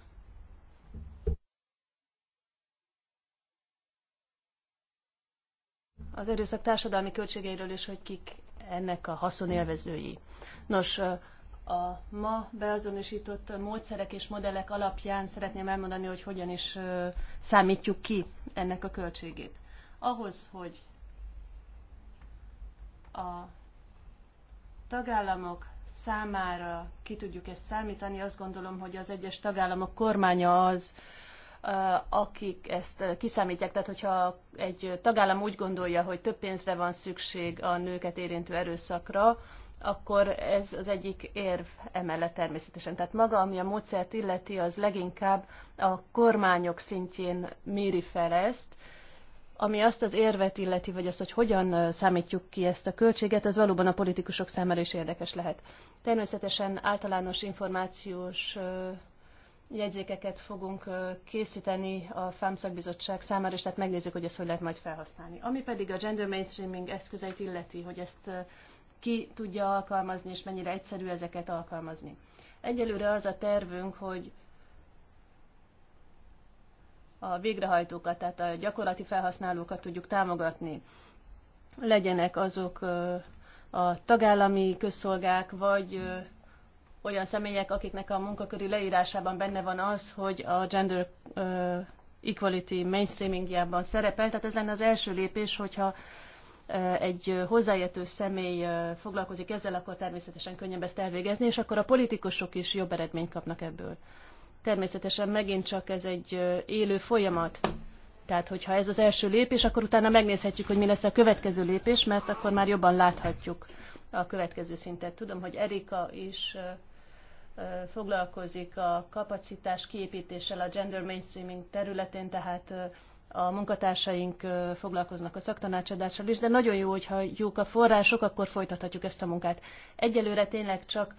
az erőszak társadalmi költségeiről is, hogy kik ennek a haszonélvezői. Nos, a ma beazonosított módszerek és modellek alapján szeretném elmondani, hogy hogyan is számítjuk ki ennek a költségét. Ahhoz, hogy a tagállamok számára ki tudjuk ezt számítani, azt gondolom, hogy az egyes tagállamok kormánya az, akik ezt kiszámítják, tehát hogyha egy tagállam úgy gondolja, hogy több pénzre van szükség a nőket érintő erőszakra, akkor ez az egyik érv emellett természetesen. Tehát maga, ami a módszert illeti, az leginkább a kormányok szintjén méri fel ezt, ami azt az érvet illeti, vagy azt, hogy hogyan számítjuk ki ezt a költséget, az valóban a politikusok számára is érdekes lehet. Természetesen általános információs jegyzékeket fogunk készíteni a FAM szakbizottság számára, és tehát megnézzük, hogy ezt hogy lehet majd felhasználni. Ami pedig a gender mainstreaming eszközeit illeti, hogy ezt ki tudja alkalmazni, és mennyire egyszerű ezeket alkalmazni. Egyelőre az a tervünk, hogy a végrehajtókat, tehát a gyakorlati felhasználókat tudjuk támogatni. Legyenek azok a tagállami közszolgák, vagy olyan személyek, akiknek a munkaköri leírásában benne van az, hogy a gender equality mainstreamingjában szerepel. Tehát ez lenne az első lépés, hogyha egy hozzáértő személy foglalkozik ezzel, akkor természetesen könnyebb ezt elvégezni, és akkor a politikusok is jobb eredményt kapnak ebből. Természetesen megint csak ez egy élő folyamat. Tehát, hogyha ez az első lépés, akkor utána megnézhetjük, hogy mi lesz a következő lépés, mert akkor már jobban láthatjuk a következő szintet. Tudom, hogy Erika is foglalkozik a kapacitás kiépítéssel a gender mainstreaming területén, tehát a munkatársaink foglalkoznak a szaktanácsadással is, de nagyon jó, hogyha jók a források, akkor folytathatjuk ezt a munkát. Egyelőre tényleg csak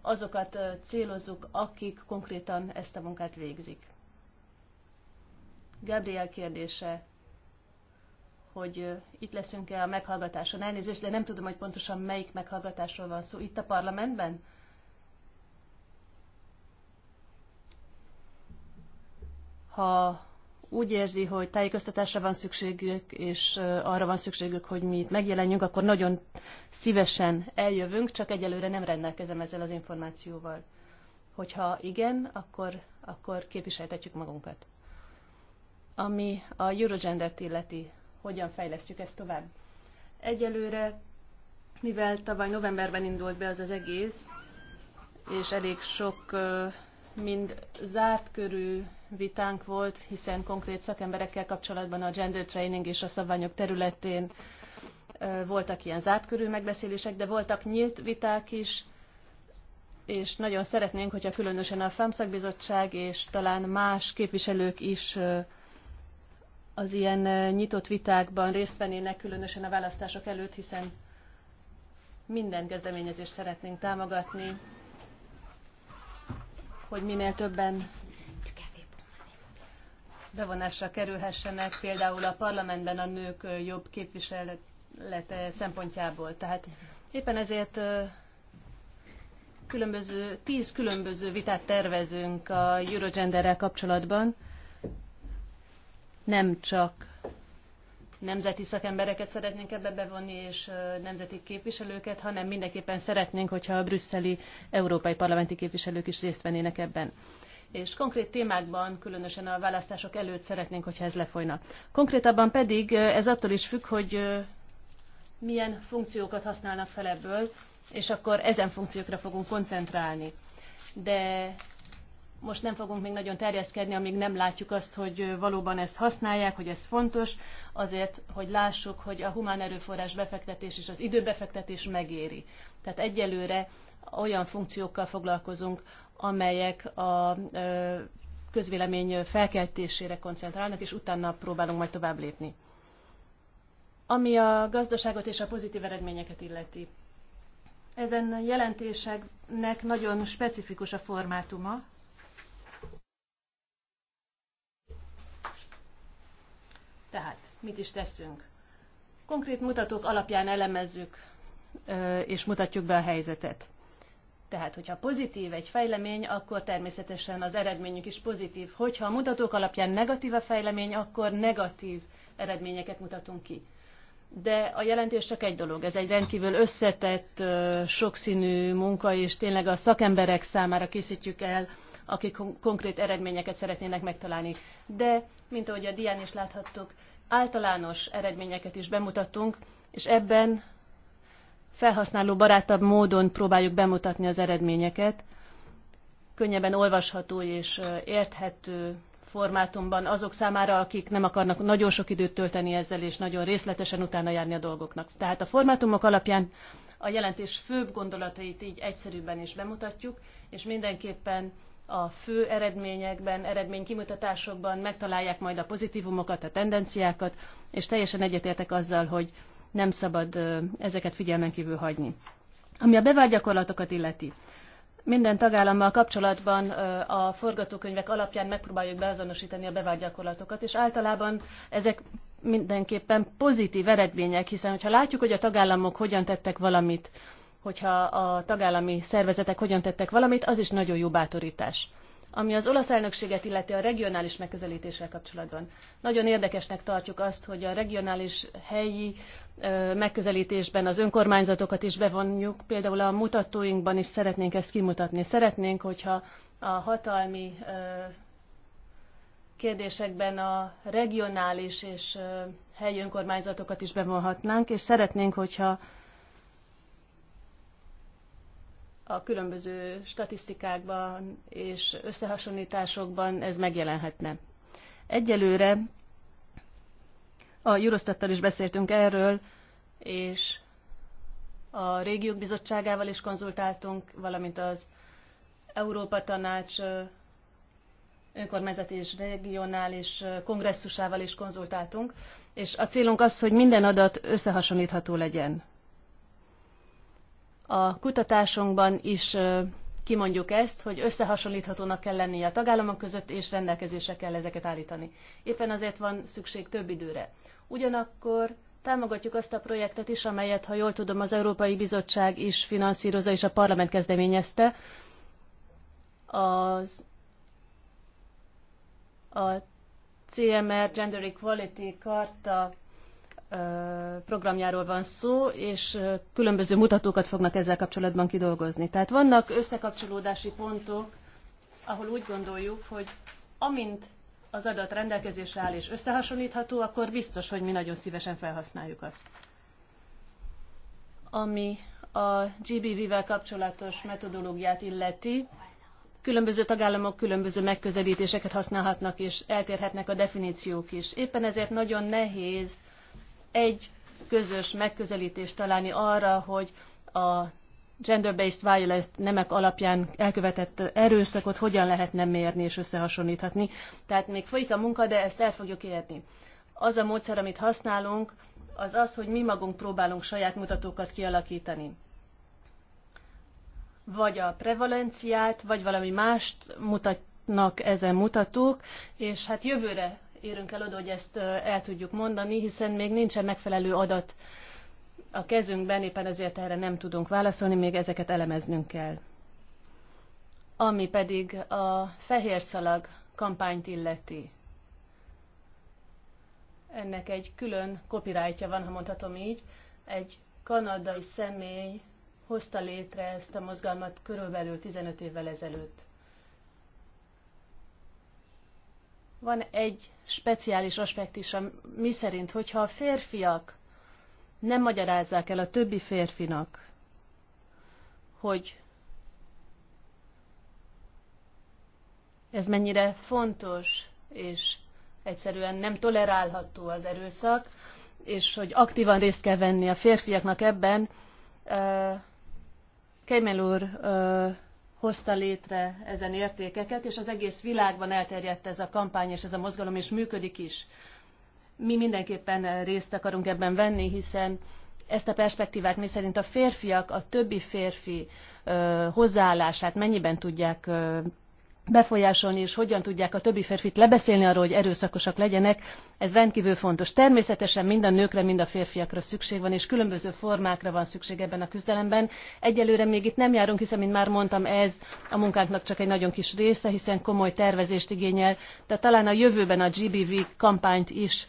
azokat célozzuk, akik konkrétan ezt a munkát végzik. Gabriel kérdése, hogy itt leszünk-e a meghallgatáson. Elnézést, de nem tudom, hogy pontosan melyik meghallgatásról van szó. Itt a parlamentben? ha úgy érzi, hogy tájékoztatásra van szükségük, és arra van szükségük, hogy mi itt megjelenjünk, akkor nagyon szívesen eljövünk, csak egyelőre nem rendelkezem ezzel az információval. Hogyha igen, akkor, akkor képviseltetjük magunkat. Ami a Eurogendert illeti, hogyan fejlesztjük ezt tovább? Egyelőre, mivel tavaly novemberben indult be az az egész, és elég sok mind zárt körű vitánk volt, hiszen konkrét szakemberekkel kapcsolatban a gender training és a szabványok területén voltak ilyen zárt körű megbeszélések, de voltak nyílt viták is, és nagyon szeretnénk, hogyha különösen a FEMSZAK és talán más képviselők is az ilyen nyitott vitákban részt vennének, különösen a választások előtt, hiszen minden kezdeményezést szeretnénk támogatni, hogy minél többen bevonásra kerülhessenek például a parlamentben a nők jobb képviselete szempontjából. Tehát éppen ezért különböző, tíz különböző vitát tervezünk a Eurogenderrel kapcsolatban, nem csak nemzeti szakembereket szeretnénk ebbe bevonni, és nemzeti képviselőket, hanem mindenképpen szeretnénk, hogyha a brüsszeli európai parlamenti képviselők is részt vennének ebben és konkrét témákban, különösen a választások előtt szeretnénk, hogyha ez lefolyna. Konkrétabban pedig ez attól is függ, hogy milyen funkciókat használnak fel ebből, és akkor ezen funkciókra fogunk koncentrálni. De most nem fogunk még nagyon terjeszkedni, amíg nem látjuk azt, hogy valóban ezt használják, hogy ez fontos, azért, hogy lássuk, hogy a humán erőforrás befektetés és az időbefektetés megéri. Tehát egyelőre olyan funkciókkal foglalkozunk, amelyek a közvélemény felkeltésére koncentrálnak, és utána próbálunk majd tovább lépni. Ami a gazdaságot és a pozitív eredményeket illeti. Ezen jelentéseknek nagyon specifikus a formátuma, Tehát mit is teszünk? Konkrét mutatók alapján elemezzük és mutatjuk be a helyzetet. Tehát, hogyha pozitív egy fejlemény, akkor természetesen az eredményük is pozitív. Hogyha a mutatók alapján negatív a fejlemény, akkor negatív eredményeket mutatunk ki. De a jelentés csak egy dolog, ez egy rendkívül összetett, sokszínű munka, és tényleg a szakemberek számára készítjük el akik konkrét eredményeket szeretnének megtalálni. De, mint ahogy a dián is láthattuk, általános eredményeket is bemutattunk, és ebben felhasználó barátabb módon próbáljuk bemutatni az eredményeket, könnyebben olvasható és érthető formátumban azok számára, akik nem akarnak nagyon sok időt tölteni ezzel, és nagyon részletesen utána járni a dolgoknak. Tehát a formátumok alapján a jelentés főbb gondolatait így egyszerűbben is bemutatjuk, és mindenképpen a fő eredményekben, eredménykimutatásokban megtalálják majd a pozitívumokat, a tendenciákat, és teljesen egyetértek azzal, hogy nem szabad ezeket figyelmen kívül hagyni. Ami a bevált gyakorlatokat illeti, minden tagállammal kapcsolatban a forgatókönyvek alapján megpróbáljuk beazonosítani a bevált gyakorlatokat, és általában ezek mindenképpen pozitív eredmények, hiszen ha látjuk, hogy a tagállamok hogyan tettek valamit, hogyha a tagállami szervezetek hogyan tettek valamit, az is nagyon jó bátorítás. Ami az olasz elnökséget illeti a regionális megközelítéssel kapcsolatban. Nagyon érdekesnek tartjuk azt, hogy a regionális helyi megközelítésben az önkormányzatokat is bevonjuk. Például a mutatóinkban is szeretnénk ezt kimutatni. Szeretnénk, hogyha a hatalmi kérdésekben a regionális és helyi önkormányzatokat is bevonhatnánk, és szeretnénk, hogyha a különböző statisztikákban és összehasonlításokban ez megjelenhetne. Egyelőre a Eurostattal is beszéltünk erről, és a régiók bizottságával is konzultáltunk, valamint az Európa Tanács önkormányzati és regionális kongresszusával is konzultáltunk, és a célunk az, hogy minden adat összehasonlítható legyen. A kutatásunkban is kimondjuk ezt, hogy összehasonlíthatónak kell lennie a tagállamok között, és rendelkezésre kell ezeket állítani. Éppen azért van szükség több időre. Ugyanakkor támogatjuk azt a projektet is, amelyet, ha jól tudom, az Európai Bizottság is finanszírozza, és a parlament kezdeményezte, az a CMR Gender Equality Karta programjáról van szó, és különböző mutatókat fognak ezzel kapcsolatban kidolgozni. Tehát vannak összekapcsolódási pontok, ahol úgy gondoljuk, hogy amint az adat rendelkezésre áll és összehasonlítható, akkor biztos, hogy mi nagyon szívesen felhasználjuk azt. Ami a GBV-vel kapcsolatos metodológiát illeti, különböző tagállamok különböző megközelítéseket használhatnak, és eltérhetnek a definíciók is. Éppen ezért nagyon nehéz egy közös megközelítést találni arra, hogy a gender-based violence nemek alapján elkövetett erőszakot hogyan lehetne mérni és összehasonlíthatni. Tehát még folyik a munka, de ezt el fogjuk érni. Az a módszer, amit használunk, az az, hogy mi magunk próbálunk saját mutatókat kialakítani. Vagy a prevalenciát, vagy valami mást mutatnak ezen mutatók, és hát jövőre érünk el oda, hogy ezt el tudjuk mondani, hiszen még nincsen megfelelő adat a kezünkben, éppen ezért erre nem tudunk válaszolni, még ezeket elemeznünk kell. Ami pedig a fehér szalag kampányt illeti. Ennek egy külön copyrightja van, ha mondhatom így. Egy kanadai személy hozta létre ezt a mozgalmat körülbelül 15 évvel ezelőtt. Van egy speciális aspektus, mi szerint, hogyha a férfiak nem magyarázzák el a többi férfinak, hogy ez mennyire fontos, és egyszerűen nem tolerálható az erőszak, és hogy aktívan részt kell venni a férfiaknak ebben. Kemel úr hozta létre ezen értékeket, és az egész világban elterjedt ez a kampány és ez a mozgalom, és működik is. Mi mindenképpen részt akarunk ebben venni, hiszen ezt a perspektívát, mi szerint a férfiak a többi férfi ö, hozzáállását mennyiben tudják ö, befolyásolni, és hogyan tudják a többi férfit lebeszélni arról, hogy erőszakosak legyenek, ez rendkívül fontos. Természetesen mind a nőkre, mind a férfiakra szükség van, és különböző formákra van szükség ebben a küzdelemben. Egyelőre még itt nem járunk, hiszen, mint már mondtam, ez a munkánknak csak egy nagyon kis része, hiszen komoly tervezést igényel, de talán a jövőben a GBV kampányt is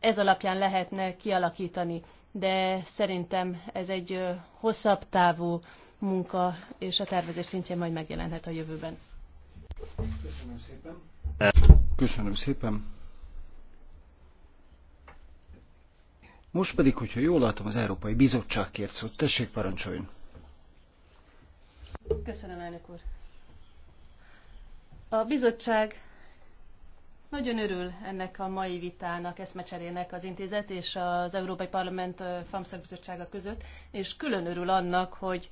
ez alapján lehetne kialakítani. De szerintem ez egy hosszabb távú munka, és a tervezés szintjén majd megjelenhet a jövőben. Köszönöm szépen. Köszönöm szépen. Most pedig, hogyha jól látom, az Európai Bizottság kért szót. Tessék, parancsoljon. Köszönöm, elnök úr. A bizottság nagyon örül ennek a mai vitának, eszmecserének az intézet és az Európai Parlament FAMSZAK bizottsága között, és külön örül annak, hogy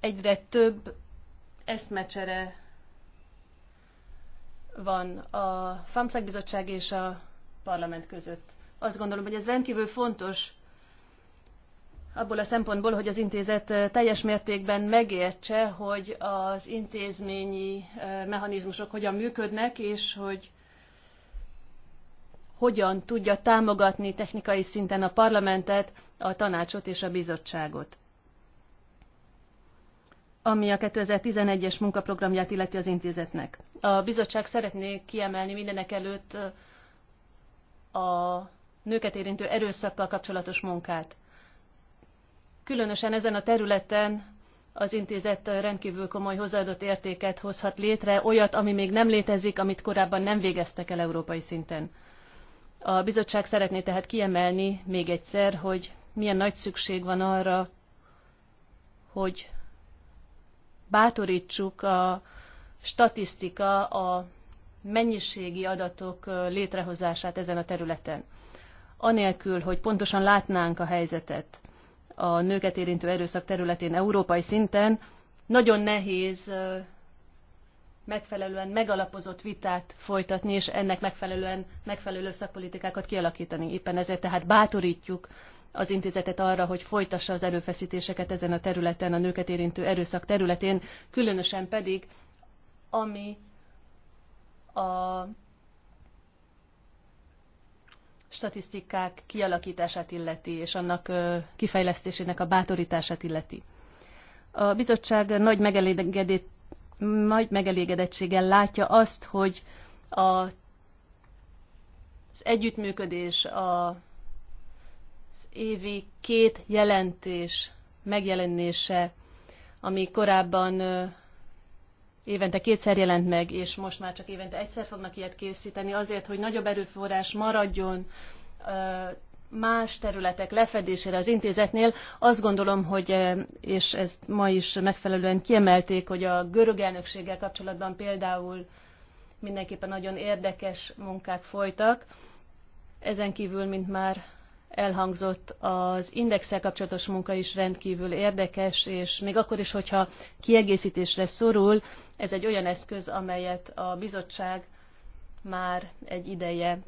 egyre több eszmecsere van a FAMSZAK bizottság és a parlament között. Azt gondolom, hogy ez rendkívül fontos abból a szempontból, hogy az intézet teljes mértékben megértse, hogy az intézményi mechanizmusok hogyan működnek, és hogy hogyan tudja támogatni technikai szinten a parlamentet, a tanácsot és a bizottságot ami a 2011-es munkaprogramját illeti az intézetnek. A bizottság szeretné kiemelni mindenek előtt a nőket érintő erőszakkal kapcsolatos munkát. Különösen ezen a területen az intézet rendkívül komoly hozzáadott értéket hozhat létre, olyat, ami még nem létezik, amit korábban nem végeztek el európai szinten. A bizottság szeretné tehát kiemelni még egyszer, hogy milyen nagy szükség van arra, hogy bátorítsuk a statisztika, a mennyiségi adatok létrehozását ezen a területen. Anélkül, hogy pontosan látnánk a helyzetet a nőket érintő erőszak területén európai szinten, nagyon nehéz megfelelően megalapozott vitát folytatni, és ennek megfelelően megfelelő szakpolitikákat kialakítani. Éppen ezért tehát bátorítjuk az intézetet arra, hogy folytassa az erőfeszítéseket ezen a területen, a nőket érintő erőszak területén, különösen pedig, ami a statisztikák kialakítását illeti, és annak kifejlesztésének a bátorítását illeti. A bizottság nagy, megelégedett, nagy megelégedettséggel látja azt, hogy a, az együttműködés, a évi két jelentés megjelenése, ami korábban évente kétszer jelent meg, és most már csak évente egyszer fognak ilyet készíteni, azért, hogy nagyobb erőforrás maradjon más területek lefedésére az intézetnél. Azt gondolom, hogy, és ezt ma is megfelelően kiemelték, hogy a görög elnökséggel kapcsolatban például mindenképpen nagyon érdekes munkák folytak. Ezen kívül, mint már elhangzott az indexel kapcsolatos munka is rendkívül érdekes, és még akkor is, hogyha kiegészítésre szorul, ez egy olyan eszköz, amelyet a bizottság már egy ideje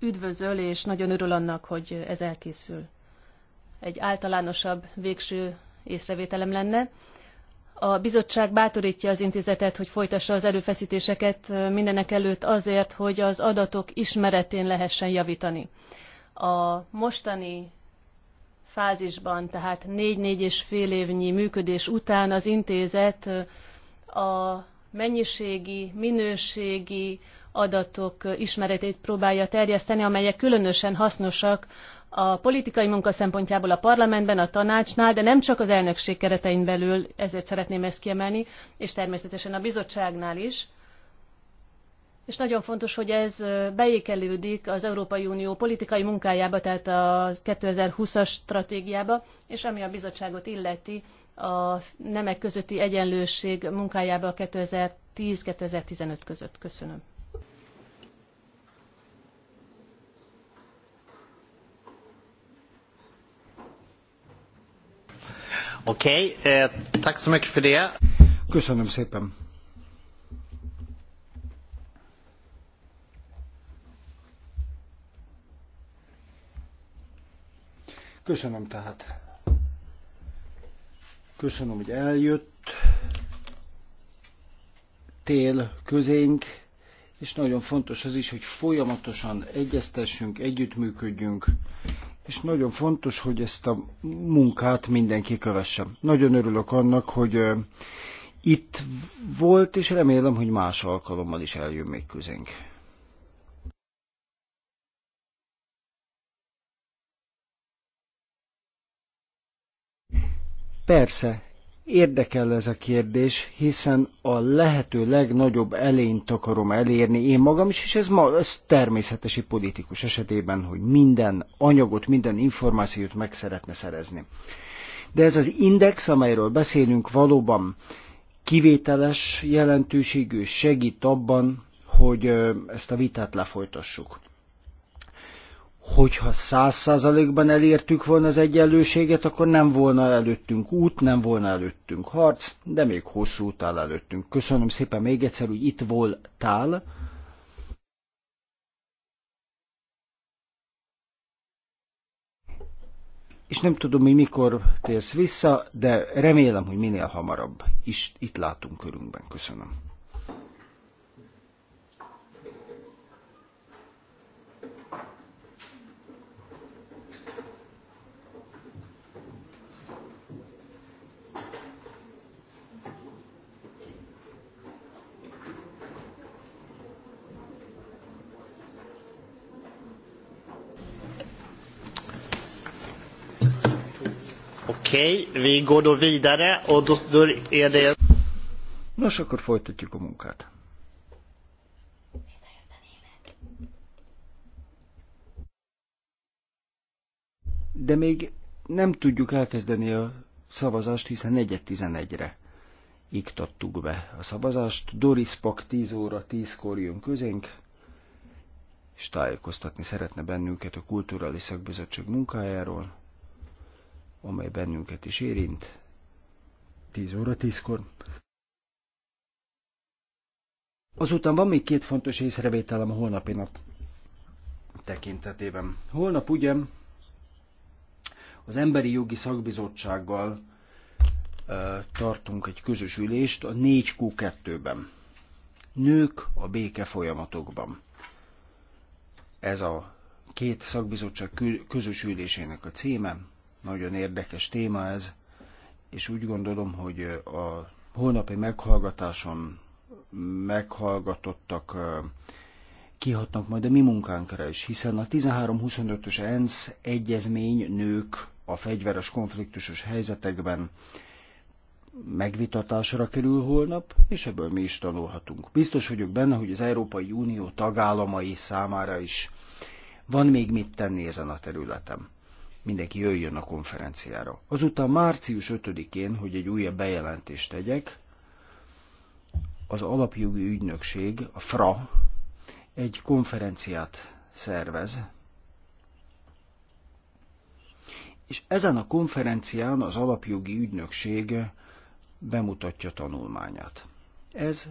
üdvözöl, és nagyon örül annak, hogy ez elkészül. Egy általánosabb végső észrevételem lenne. A bizottság bátorítja az intézetet, hogy folytassa az erőfeszítéseket mindenek előtt azért, hogy az adatok ismeretén lehessen javítani. A mostani fázisban, tehát négy-négy és fél évnyi működés után az intézet a mennyiségi, minőségi adatok ismeretét próbálja terjeszteni, amelyek különösen hasznosak a politikai munka szempontjából a parlamentben, a tanácsnál, de nem csak az elnökség keretein belül, ezért szeretném ezt kiemelni, és természetesen a bizottságnál is, és nagyon fontos, hogy ez beékelődik az Európai Unió politikai munkájába, tehát a 2020-as stratégiába, és ami a bizottságot illeti, a nemek közötti egyenlőség munkájába a 2010-2015 között. Köszönöm. Oké, okay, eh, tack Köszönöm szépen. Köszönöm tehát. Köszönöm, hogy eljött tél közénk, és nagyon fontos az is, hogy folyamatosan egyeztessünk, együttműködjünk, és nagyon fontos, hogy ezt a munkát mindenki kövesse. Nagyon örülök annak, hogy itt volt, és remélem, hogy más alkalommal is eljön még közénk. Persze, érdekel ez a kérdés, hiszen a lehető legnagyobb elényt akarom elérni én magam is, és ez ma ez természetesi politikus esetében, hogy minden anyagot, minden információt meg szeretne szerezni. De ez az index, amelyről beszélünk, valóban kivételes jelentőségű, segít abban, hogy ezt a vitát lefolytassuk hogyha száz százalékban elértük volna az egyenlőséget, akkor nem volna előttünk út, nem volna előttünk harc, de még hosszú út áll előttünk. Köszönöm szépen még egyszer, hogy itt voltál. És nem tudom, hogy mikor térsz vissza, de remélem, hogy minél hamarabb is itt látunk körünkben. Köszönöm. vi går då vidare och då, då är det... Nos, akkor folytatjuk a munkát. De még nem tudjuk elkezdeni a szavazást, hiszen 4.11-re iktattuk be a szavazást. Doris Pak 10 óra 10-kor jön közénk, és tájékoztatni szeretne bennünket a Kulturális Szakbizottság munkájáról amely bennünket is érint. 10 óra 10-kor. Azután van még két fontos észrevételem a holnapi nap tekintetében. Holnap ugye az Emberi Jogi Szakbizottsággal tartunk egy közös ülést a 4Q2-ben. Nők a béke folyamatokban. Ez a két szakbizottság közös ülésének a címe. Nagyon érdekes téma ez, és úgy gondolom, hogy a holnapi meghallgatáson meghallgatottak kihatnak majd a mi munkánkra is, hiszen a 13-25-ös ENSZ egyezmény nők a fegyveres konfliktusos helyzetekben megvitatásra kerül holnap, és ebből mi is tanulhatunk. Biztos vagyok benne, hogy az Európai Unió tagállamai számára is van még mit tenni ezen a területen mindenki jöjjön a konferenciára. Azután március 5-én, hogy egy újabb bejelentést tegyek, az alapjogi ügynökség, a FRA, egy konferenciát szervez, és ezen a konferencián az alapjogi ügynökség bemutatja tanulmányát. Ez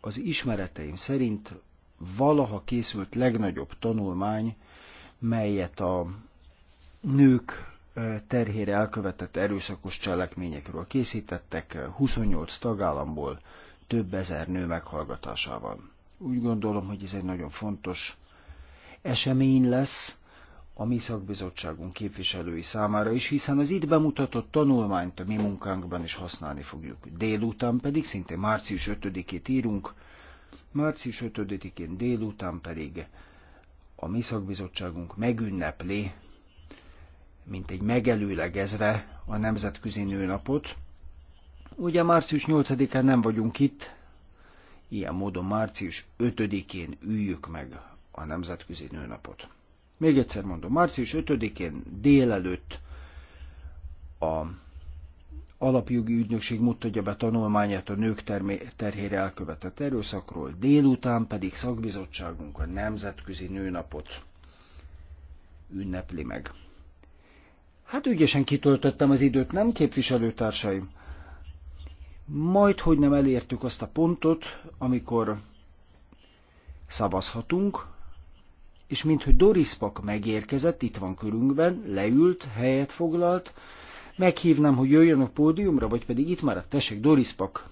az ismereteim szerint valaha készült legnagyobb tanulmány, melyet a nők terhére elkövetett erőszakos cselekményekről készítettek 28 tagállamból több ezer nő meghallgatásával. Úgy gondolom, hogy ez egy nagyon fontos esemény lesz a mi szakbizottságunk képviselői számára is, hiszen az itt bemutatott tanulmányt a mi munkánkban is használni fogjuk. Délután pedig, szintén március 5-ét írunk, március 5-én délután pedig a mi szakbizottságunk megünnepli mint egy megelőlegezve a Nemzetközi Nőnapot. Ugye március 8-án nem vagyunk itt, ilyen módon március 5-én üljük meg a Nemzetközi Nőnapot. Még egyszer mondom, március 5-én délelőtt a alapjogi ügynökség mutatja be tanulmányát a nők terhére elkövetett erőszakról, délután pedig szakbizottságunk a Nemzetközi Nőnapot ünnepli meg. Hát ügyesen kitöltöttem az időt, nem képviselőtársaim? Majd, hogy nem elértük azt a pontot, amikor szavazhatunk, és minthogy Doris Pak megérkezett, itt van körünkben, leült, helyet foglalt, meghívnám, hogy jöjjön a pódiumra, vagy pedig itt már a tessék, Doris Pak.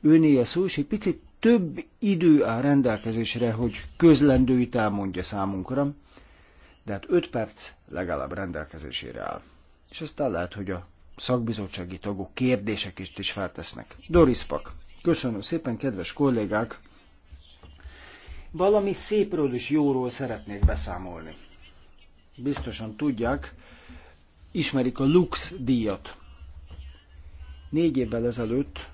Őné a szó, és egy picit több idő áll rendelkezésre, hogy közlendőit elmondja számunkra de hát 5 perc legalább rendelkezésére áll. És aztán lehet, hogy a szakbizottsági tagok is, is feltesznek. Doris Pak, köszönöm szépen, kedves kollégák! Valami szépről és jóról szeretnék beszámolni. Biztosan tudják, ismerik a Lux díjat. Négy évvel ezelőtt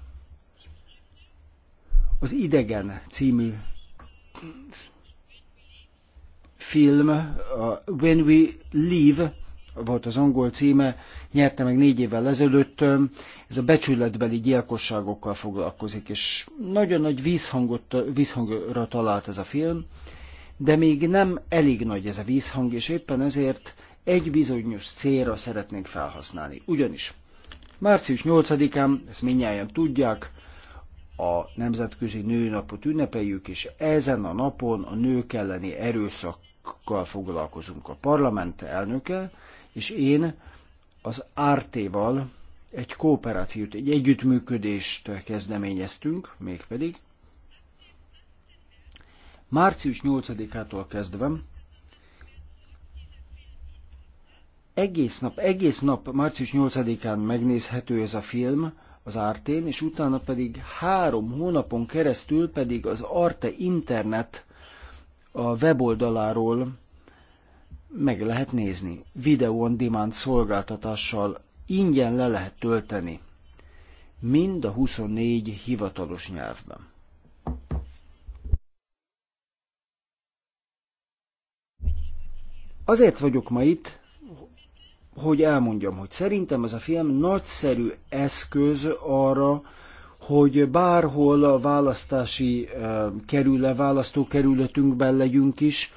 az Idegen című film, a When We Leave, volt az angol címe, nyerte meg négy évvel ezelőtt, ez a becsületbeli gyilkosságokkal foglalkozik, és nagyon nagy vízhangot, vízhangra talált ez a film, de még nem elég nagy ez a vízhang, és éppen ezért egy bizonyos célra szeretnénk felhasználni. Ugyanis március 8-án, ezt minnyáján tudják, a Nemzetközi Nőnapot ünnepeljük, és ezen a napon a nők elleni erőszak politikával foglalkozunk. A parlament elnöke és én az Ártéval egy kooperációt, egy együttműködést kezdeményeztünk, mégpedig március 8-ától kezdve egész nap, egész nap március 8-án megnézhető ez a film az Ártén, és utána pedig három hónapon keresztül pedig az Arte internet a weboldaláról meg lehet nézni. Video on demand szolgáltatással ingyen le lehet tölteni, mind a 24 hivatalos nyelvben. Azért vagyok ma itt, hogy elmondjam, hogy szerintem ez a film nagyszerű eszköz arra, hogy bárhol a választási kerüle, választókerületünkben legyünk is,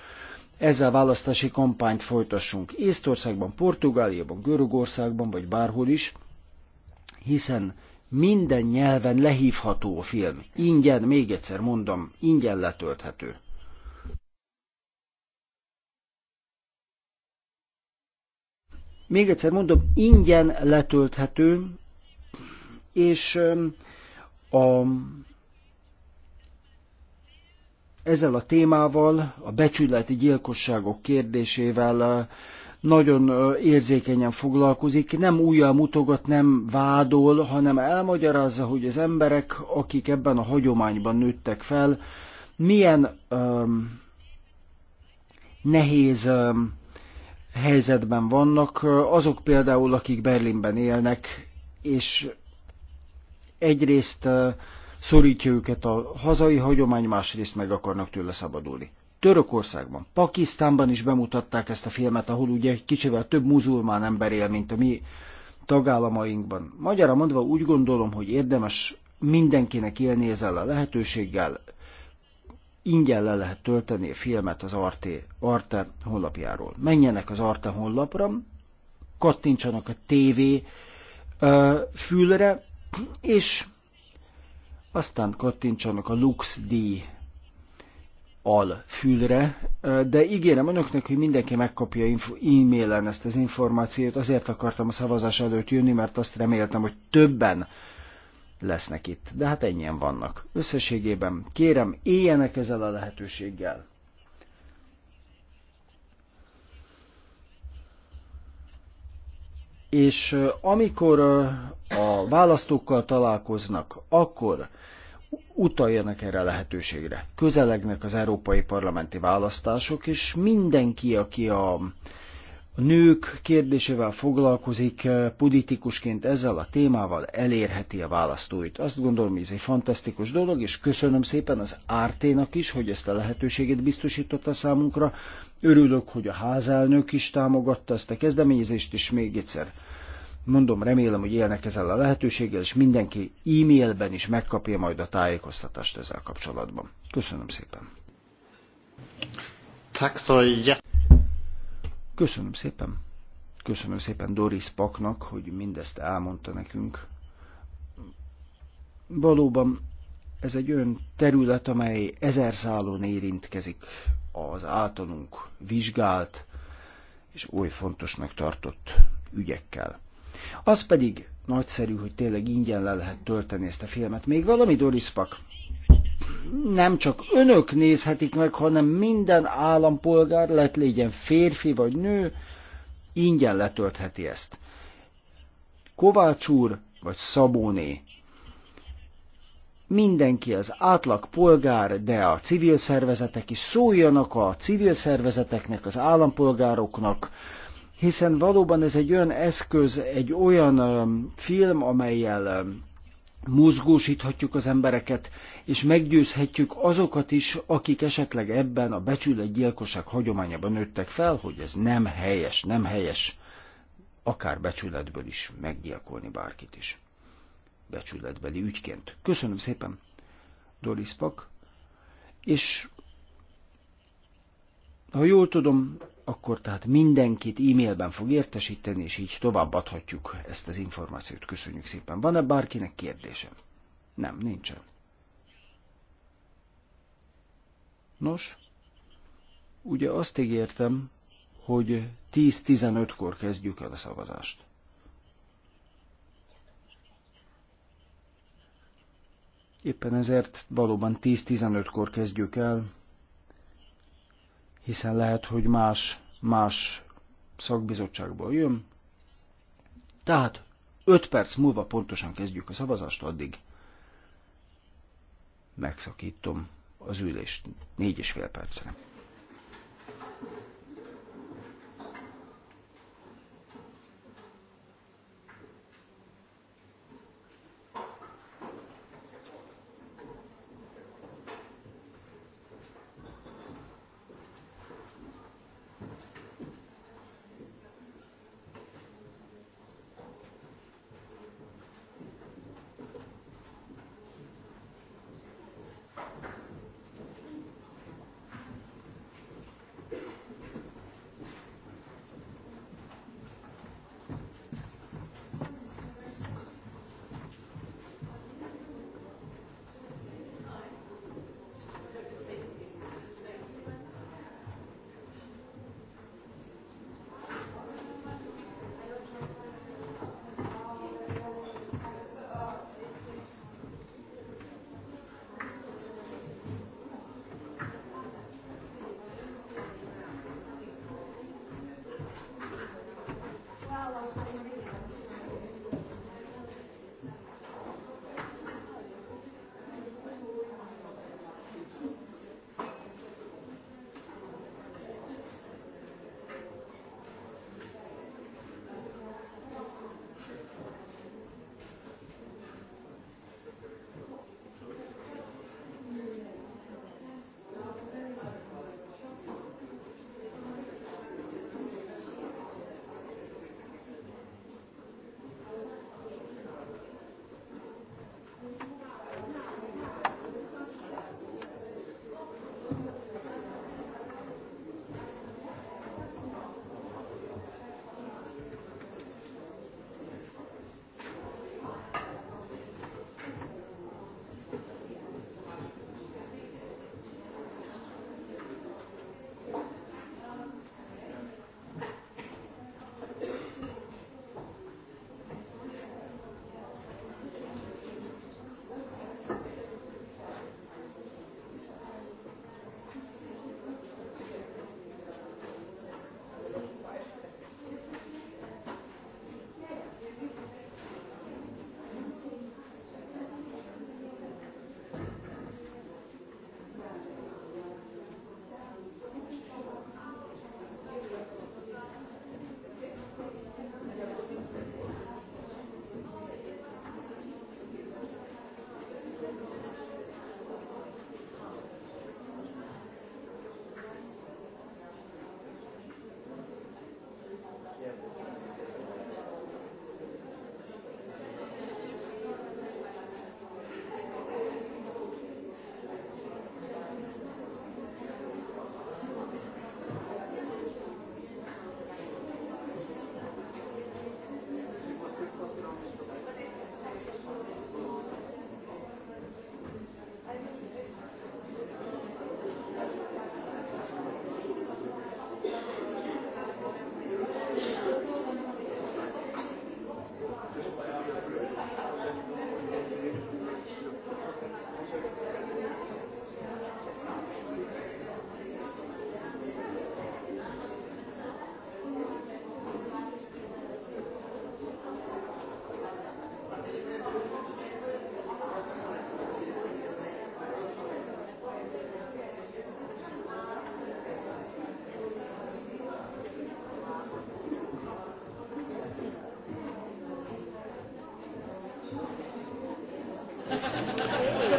ezzel választási kampányt folytassunk Észtországban, Portugáliában, Görögországban, vagy bárhol is, hiszen minden nyelven lehívható a film. Ingyen, még egyszer mondom, ingyen letölthető. Még egyszer mondom, ingyen letölthető, és a, ezzel a témával, a becsületi gyilkosságok kérdésével nagyon érzékenyen foglalkozik, nem újjal mutogat, nem vádol, hanem elmagyarázza, hogy az emberek, akik ebben a hagyományban nőttek fel, milyen um, nehéz um, helyzetben vannak, azok például, akik Berlinben élnek, és egyrészt szorítja őket a hazai hagyomány, másrészt meg akarnak tőle szabadulni. Törökországban, Pakisztánban is bemutatták ezt a filmet, ahol ugye egy kicsivel több muzulmán ember él, mint a mi tagállamainkban. Magyarra mondva úgy gondolom, hogy érdemes mindenkinek élni ezzel a lehetőséggel, ingyen le lehet tölteni a filmet az Arte, Arte honlapjáról. Menjenek az Arte honlapra, kattintsanak a TV fülre, és aztán kattintsanak a Lux D al fülre, de ígérem önöknek, hogy mindenki megkapja e-mailen ezt az információt, azért akartam a szavazás előtt jönni, mert azt reméltem, hogy többen lesznek itt, de hát ennyien vannak. Összességében kérem, éljenek ezzel a lehetőséggel. és amikor a választókkal találkoznak, akkor utaljanak erre a lehetőségre. Közelegnek az európai parlamenti választások, és mindenki, aki a a nők kérdésével foglalkozik eh, politikusként ezzel a témával, elérheti a választóit. Azt gondolom, hogy ez egy fantasztikus dolog, és köszönöm szépen az Árténak is, hogy ezt a lehetőséget biztosította számunkra. Örülök, hogy a házelnök is támogatta ezt a kezdeményezést, és még egyszer mondom, remélem, hogy élnek ezzel a lehetőséggel, és mindenki e-mailben is megkapja majd a tájékoztatást ezzel kapcsolatban. Köszönöm szépen! Tak, so, szóval, yeah. Köszönöm szépen. Köszönöm szépen Doris Paknak, hogy mindezt elmondta nekünk. Valóban ez egy olyan terület, amely ezer szálon érintkezik az általunk vizsgált és oly fontosnak tartott ügyekkel. Az pedig nagyszerű, hogy tényleg ingyen le lehet tölteni ezt a filmet. Még valami, Doris Pak? nem csak önök nézhetik meg, hanem minden állampolgár, lett legyen férfi vagy nő, ingyen letöltheti ezt. Kovács úr vagy Szabóné. Mindenki az átlag polgár, de a civil szervezetek is szóljanak a civil szervezeteknek, az állampolgároknak, hiszen valóban ez egy olyan eszköz, egy olyan film, amelyel mozgósíthatjuk az embereket, és meggyőzhetjük azokat is, akik esetleg ebben a becsületgyilkosság hagyományában nőttek fel, hogy ez nem helyes, nem helyes, akár becsületből is meggyilkolni bárkit is. Becsületbeli ügyként. Köszönöm szépen, Doris Pak, és ha jól tudom, akkor tehát mindenkit e-mailben fog értesíteni, és így továbbadhatjuk ezt az információt. Köszönjük szépen. Van-e bárkinek kérdése? Nem, nincsen. Nos, ugye azt ígértem, hogy 10-15-kor kezdjük el a szavazást. Éppen ezért valóban 10-15-kor kezdjük el, hiszen lehet, hogy más, más szakbizottságból jön. Tehát 5 perc múlva pontosan kezdjük a szavazást, addig megszakítom az ülést 4,5 percre.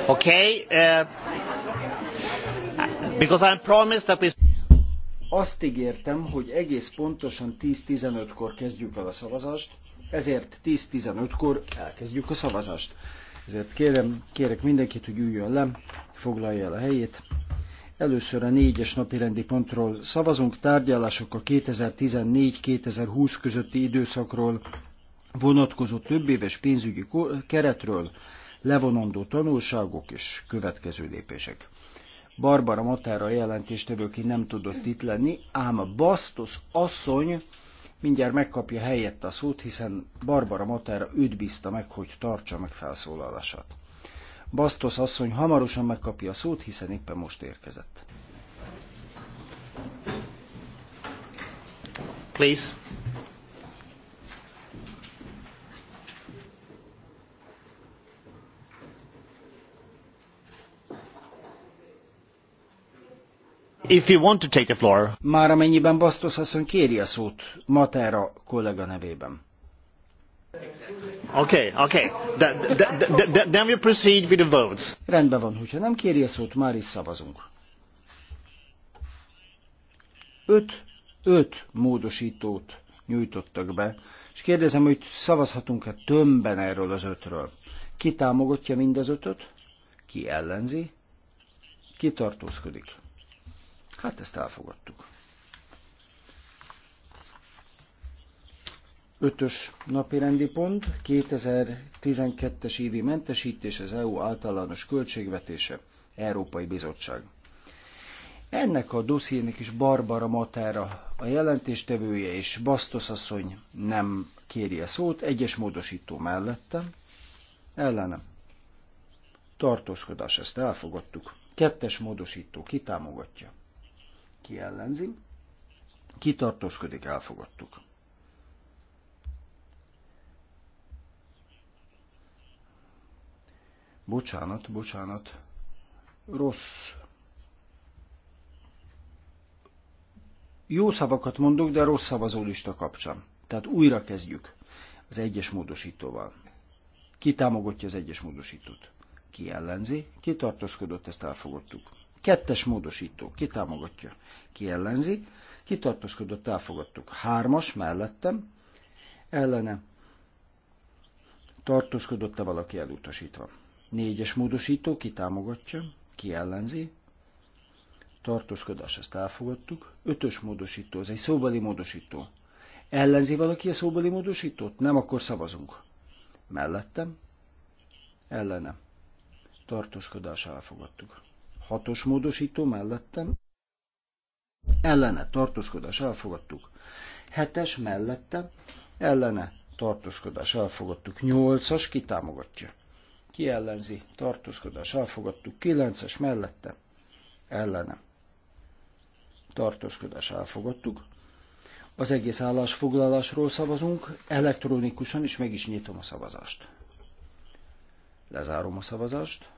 Okay? Uh, because I'm promised that we... Azt ígértem, hogy egész pontosan 10-15-kor kezdjük el a szavazást, ezért 10-15-kor elkezdjük a szavazást. Ezért kérem, kérek mindenkit, hogy üljön le, foglalja el a helyét. Először a négyes napi rendi pontról szavazunk, tárgyalások a 2014-2020 közötti időszakról vonatkozó többéves pénzügyi keretről, levonandó tanulságok és következő lépések. Barbara Matára jelentéstevőki nem tudott itt lenni, ám a Bastos asszony mindjárt megkapja helyett a szót, hiszen Barbara Matára őt bízta meg, hogy tartsa meg felszólalását. Bastos asszony hamarosan megkapja a szót, hiszen éppen most érkezett. Please. If you want to take the floor. Már amennyiben Bastos asszony kéri a szót Matera kollega nevében. Okay, okay. The, the, the, then we proceed with the votes. Rendben van, hogyha nem kéri a szót, már is szavazunk. Öt, öt módosítót nyújtottak be, és kérdezem, hogy szavazhatunk-e tömbben erről az ötről. Ki támogatja mind az ötöt? Ki ellenzi? Ki tartózkodik? Hát ezt elfogadtuk. Ötös napi rendi pont, 2012-es évi mentesítés az EU általános költségvetése, Európai Bizottság. Ennek a dossziének is Barbara Matára a jelentéstevője és Basztos asszony nem kéri a szót, egyes módosító mellette, ellenem. Tartózkodás, ezt elfogadtuk. Kettes módosító kitámogatja ki ellenzi, kitartóskodik, elfogadtuk. Bocsánat, bocsánat, rossz. Jó szavakat mondok, de rossz szavazólista kapcsán. Tehát újra kezdjük az egyes módosítóval. Ki támogatja az egyes módosítót? Ki ellenzi? Ki tartózkodott, ezt elfogadtuk. Kettes módosító. Ki támogatja? Ki ellenzi? Ki Elfogadtuk. Hármas mellettem. Ellene. Tartózkodott-e valaki elutasítva? Négyes módosító. Ki támogatja? Ki ellenzi? Tartózkodás, ezt elfogadtuk. Ötös módosító, ez egy szóbeli módosító. Ellenzi valaki a szóbeli módosítót? Nem, akkor szavazunk. Mellettem? Ellenem. Tartózkodás elfogadtuk. Hatos módosító mellettem. Ellene tartózkodás elfogadtuk. Hetes mellette. Ellene tartózkodás elfogadtuk. Nyolcas kitámogatja. Ki ellenzi? Tartózkodás elfogadtuk. Kilences mellette. Ellene. Tartózkodás elfogadtuk. Az egész állásfoglalásról szavazunk, elektronikusan, is meg is nyitom a szavazást. Lezárom a szavazást.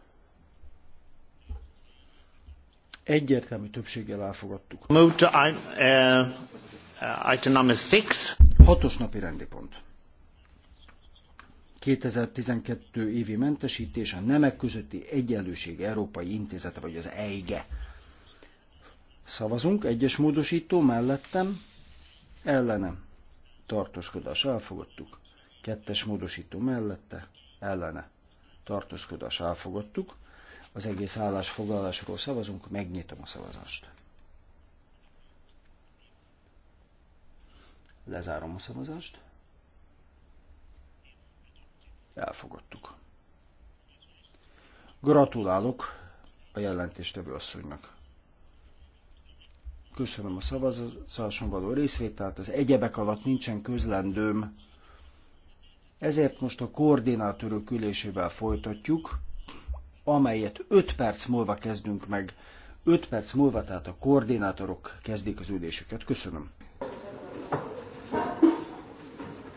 egyértelmű többséggel elfogadtuk. Move to eh, item number six. Hatos napi rendi pont. 2012 évi mentesítés a Nemek közötti Egyenlőség Európai Intézete, vagy az EIGE. Szavazunk, egyes módosító mellettem, ellenem. Tartózkodás elfogadtuk. Kettes módosító mellette, ellene. Tartózkodás elfogadtuk az egész állásfoglalásról szavazunk, megnyitom a szavazást. Lezárom a szavazást. Elfogadtuk. Gratulálok a jelentéstevő asszonynak. Köszönöm a szavazáson való részvételt, az egyebek alatt nincsen közlendőm, ezért most a koordinátorok ülésével folytatjuk amelyet 5 perc múlva kezdünk meg. 5 perc múlva, tehát a koordinátorok kezdik az ülésüket. Köszönöm.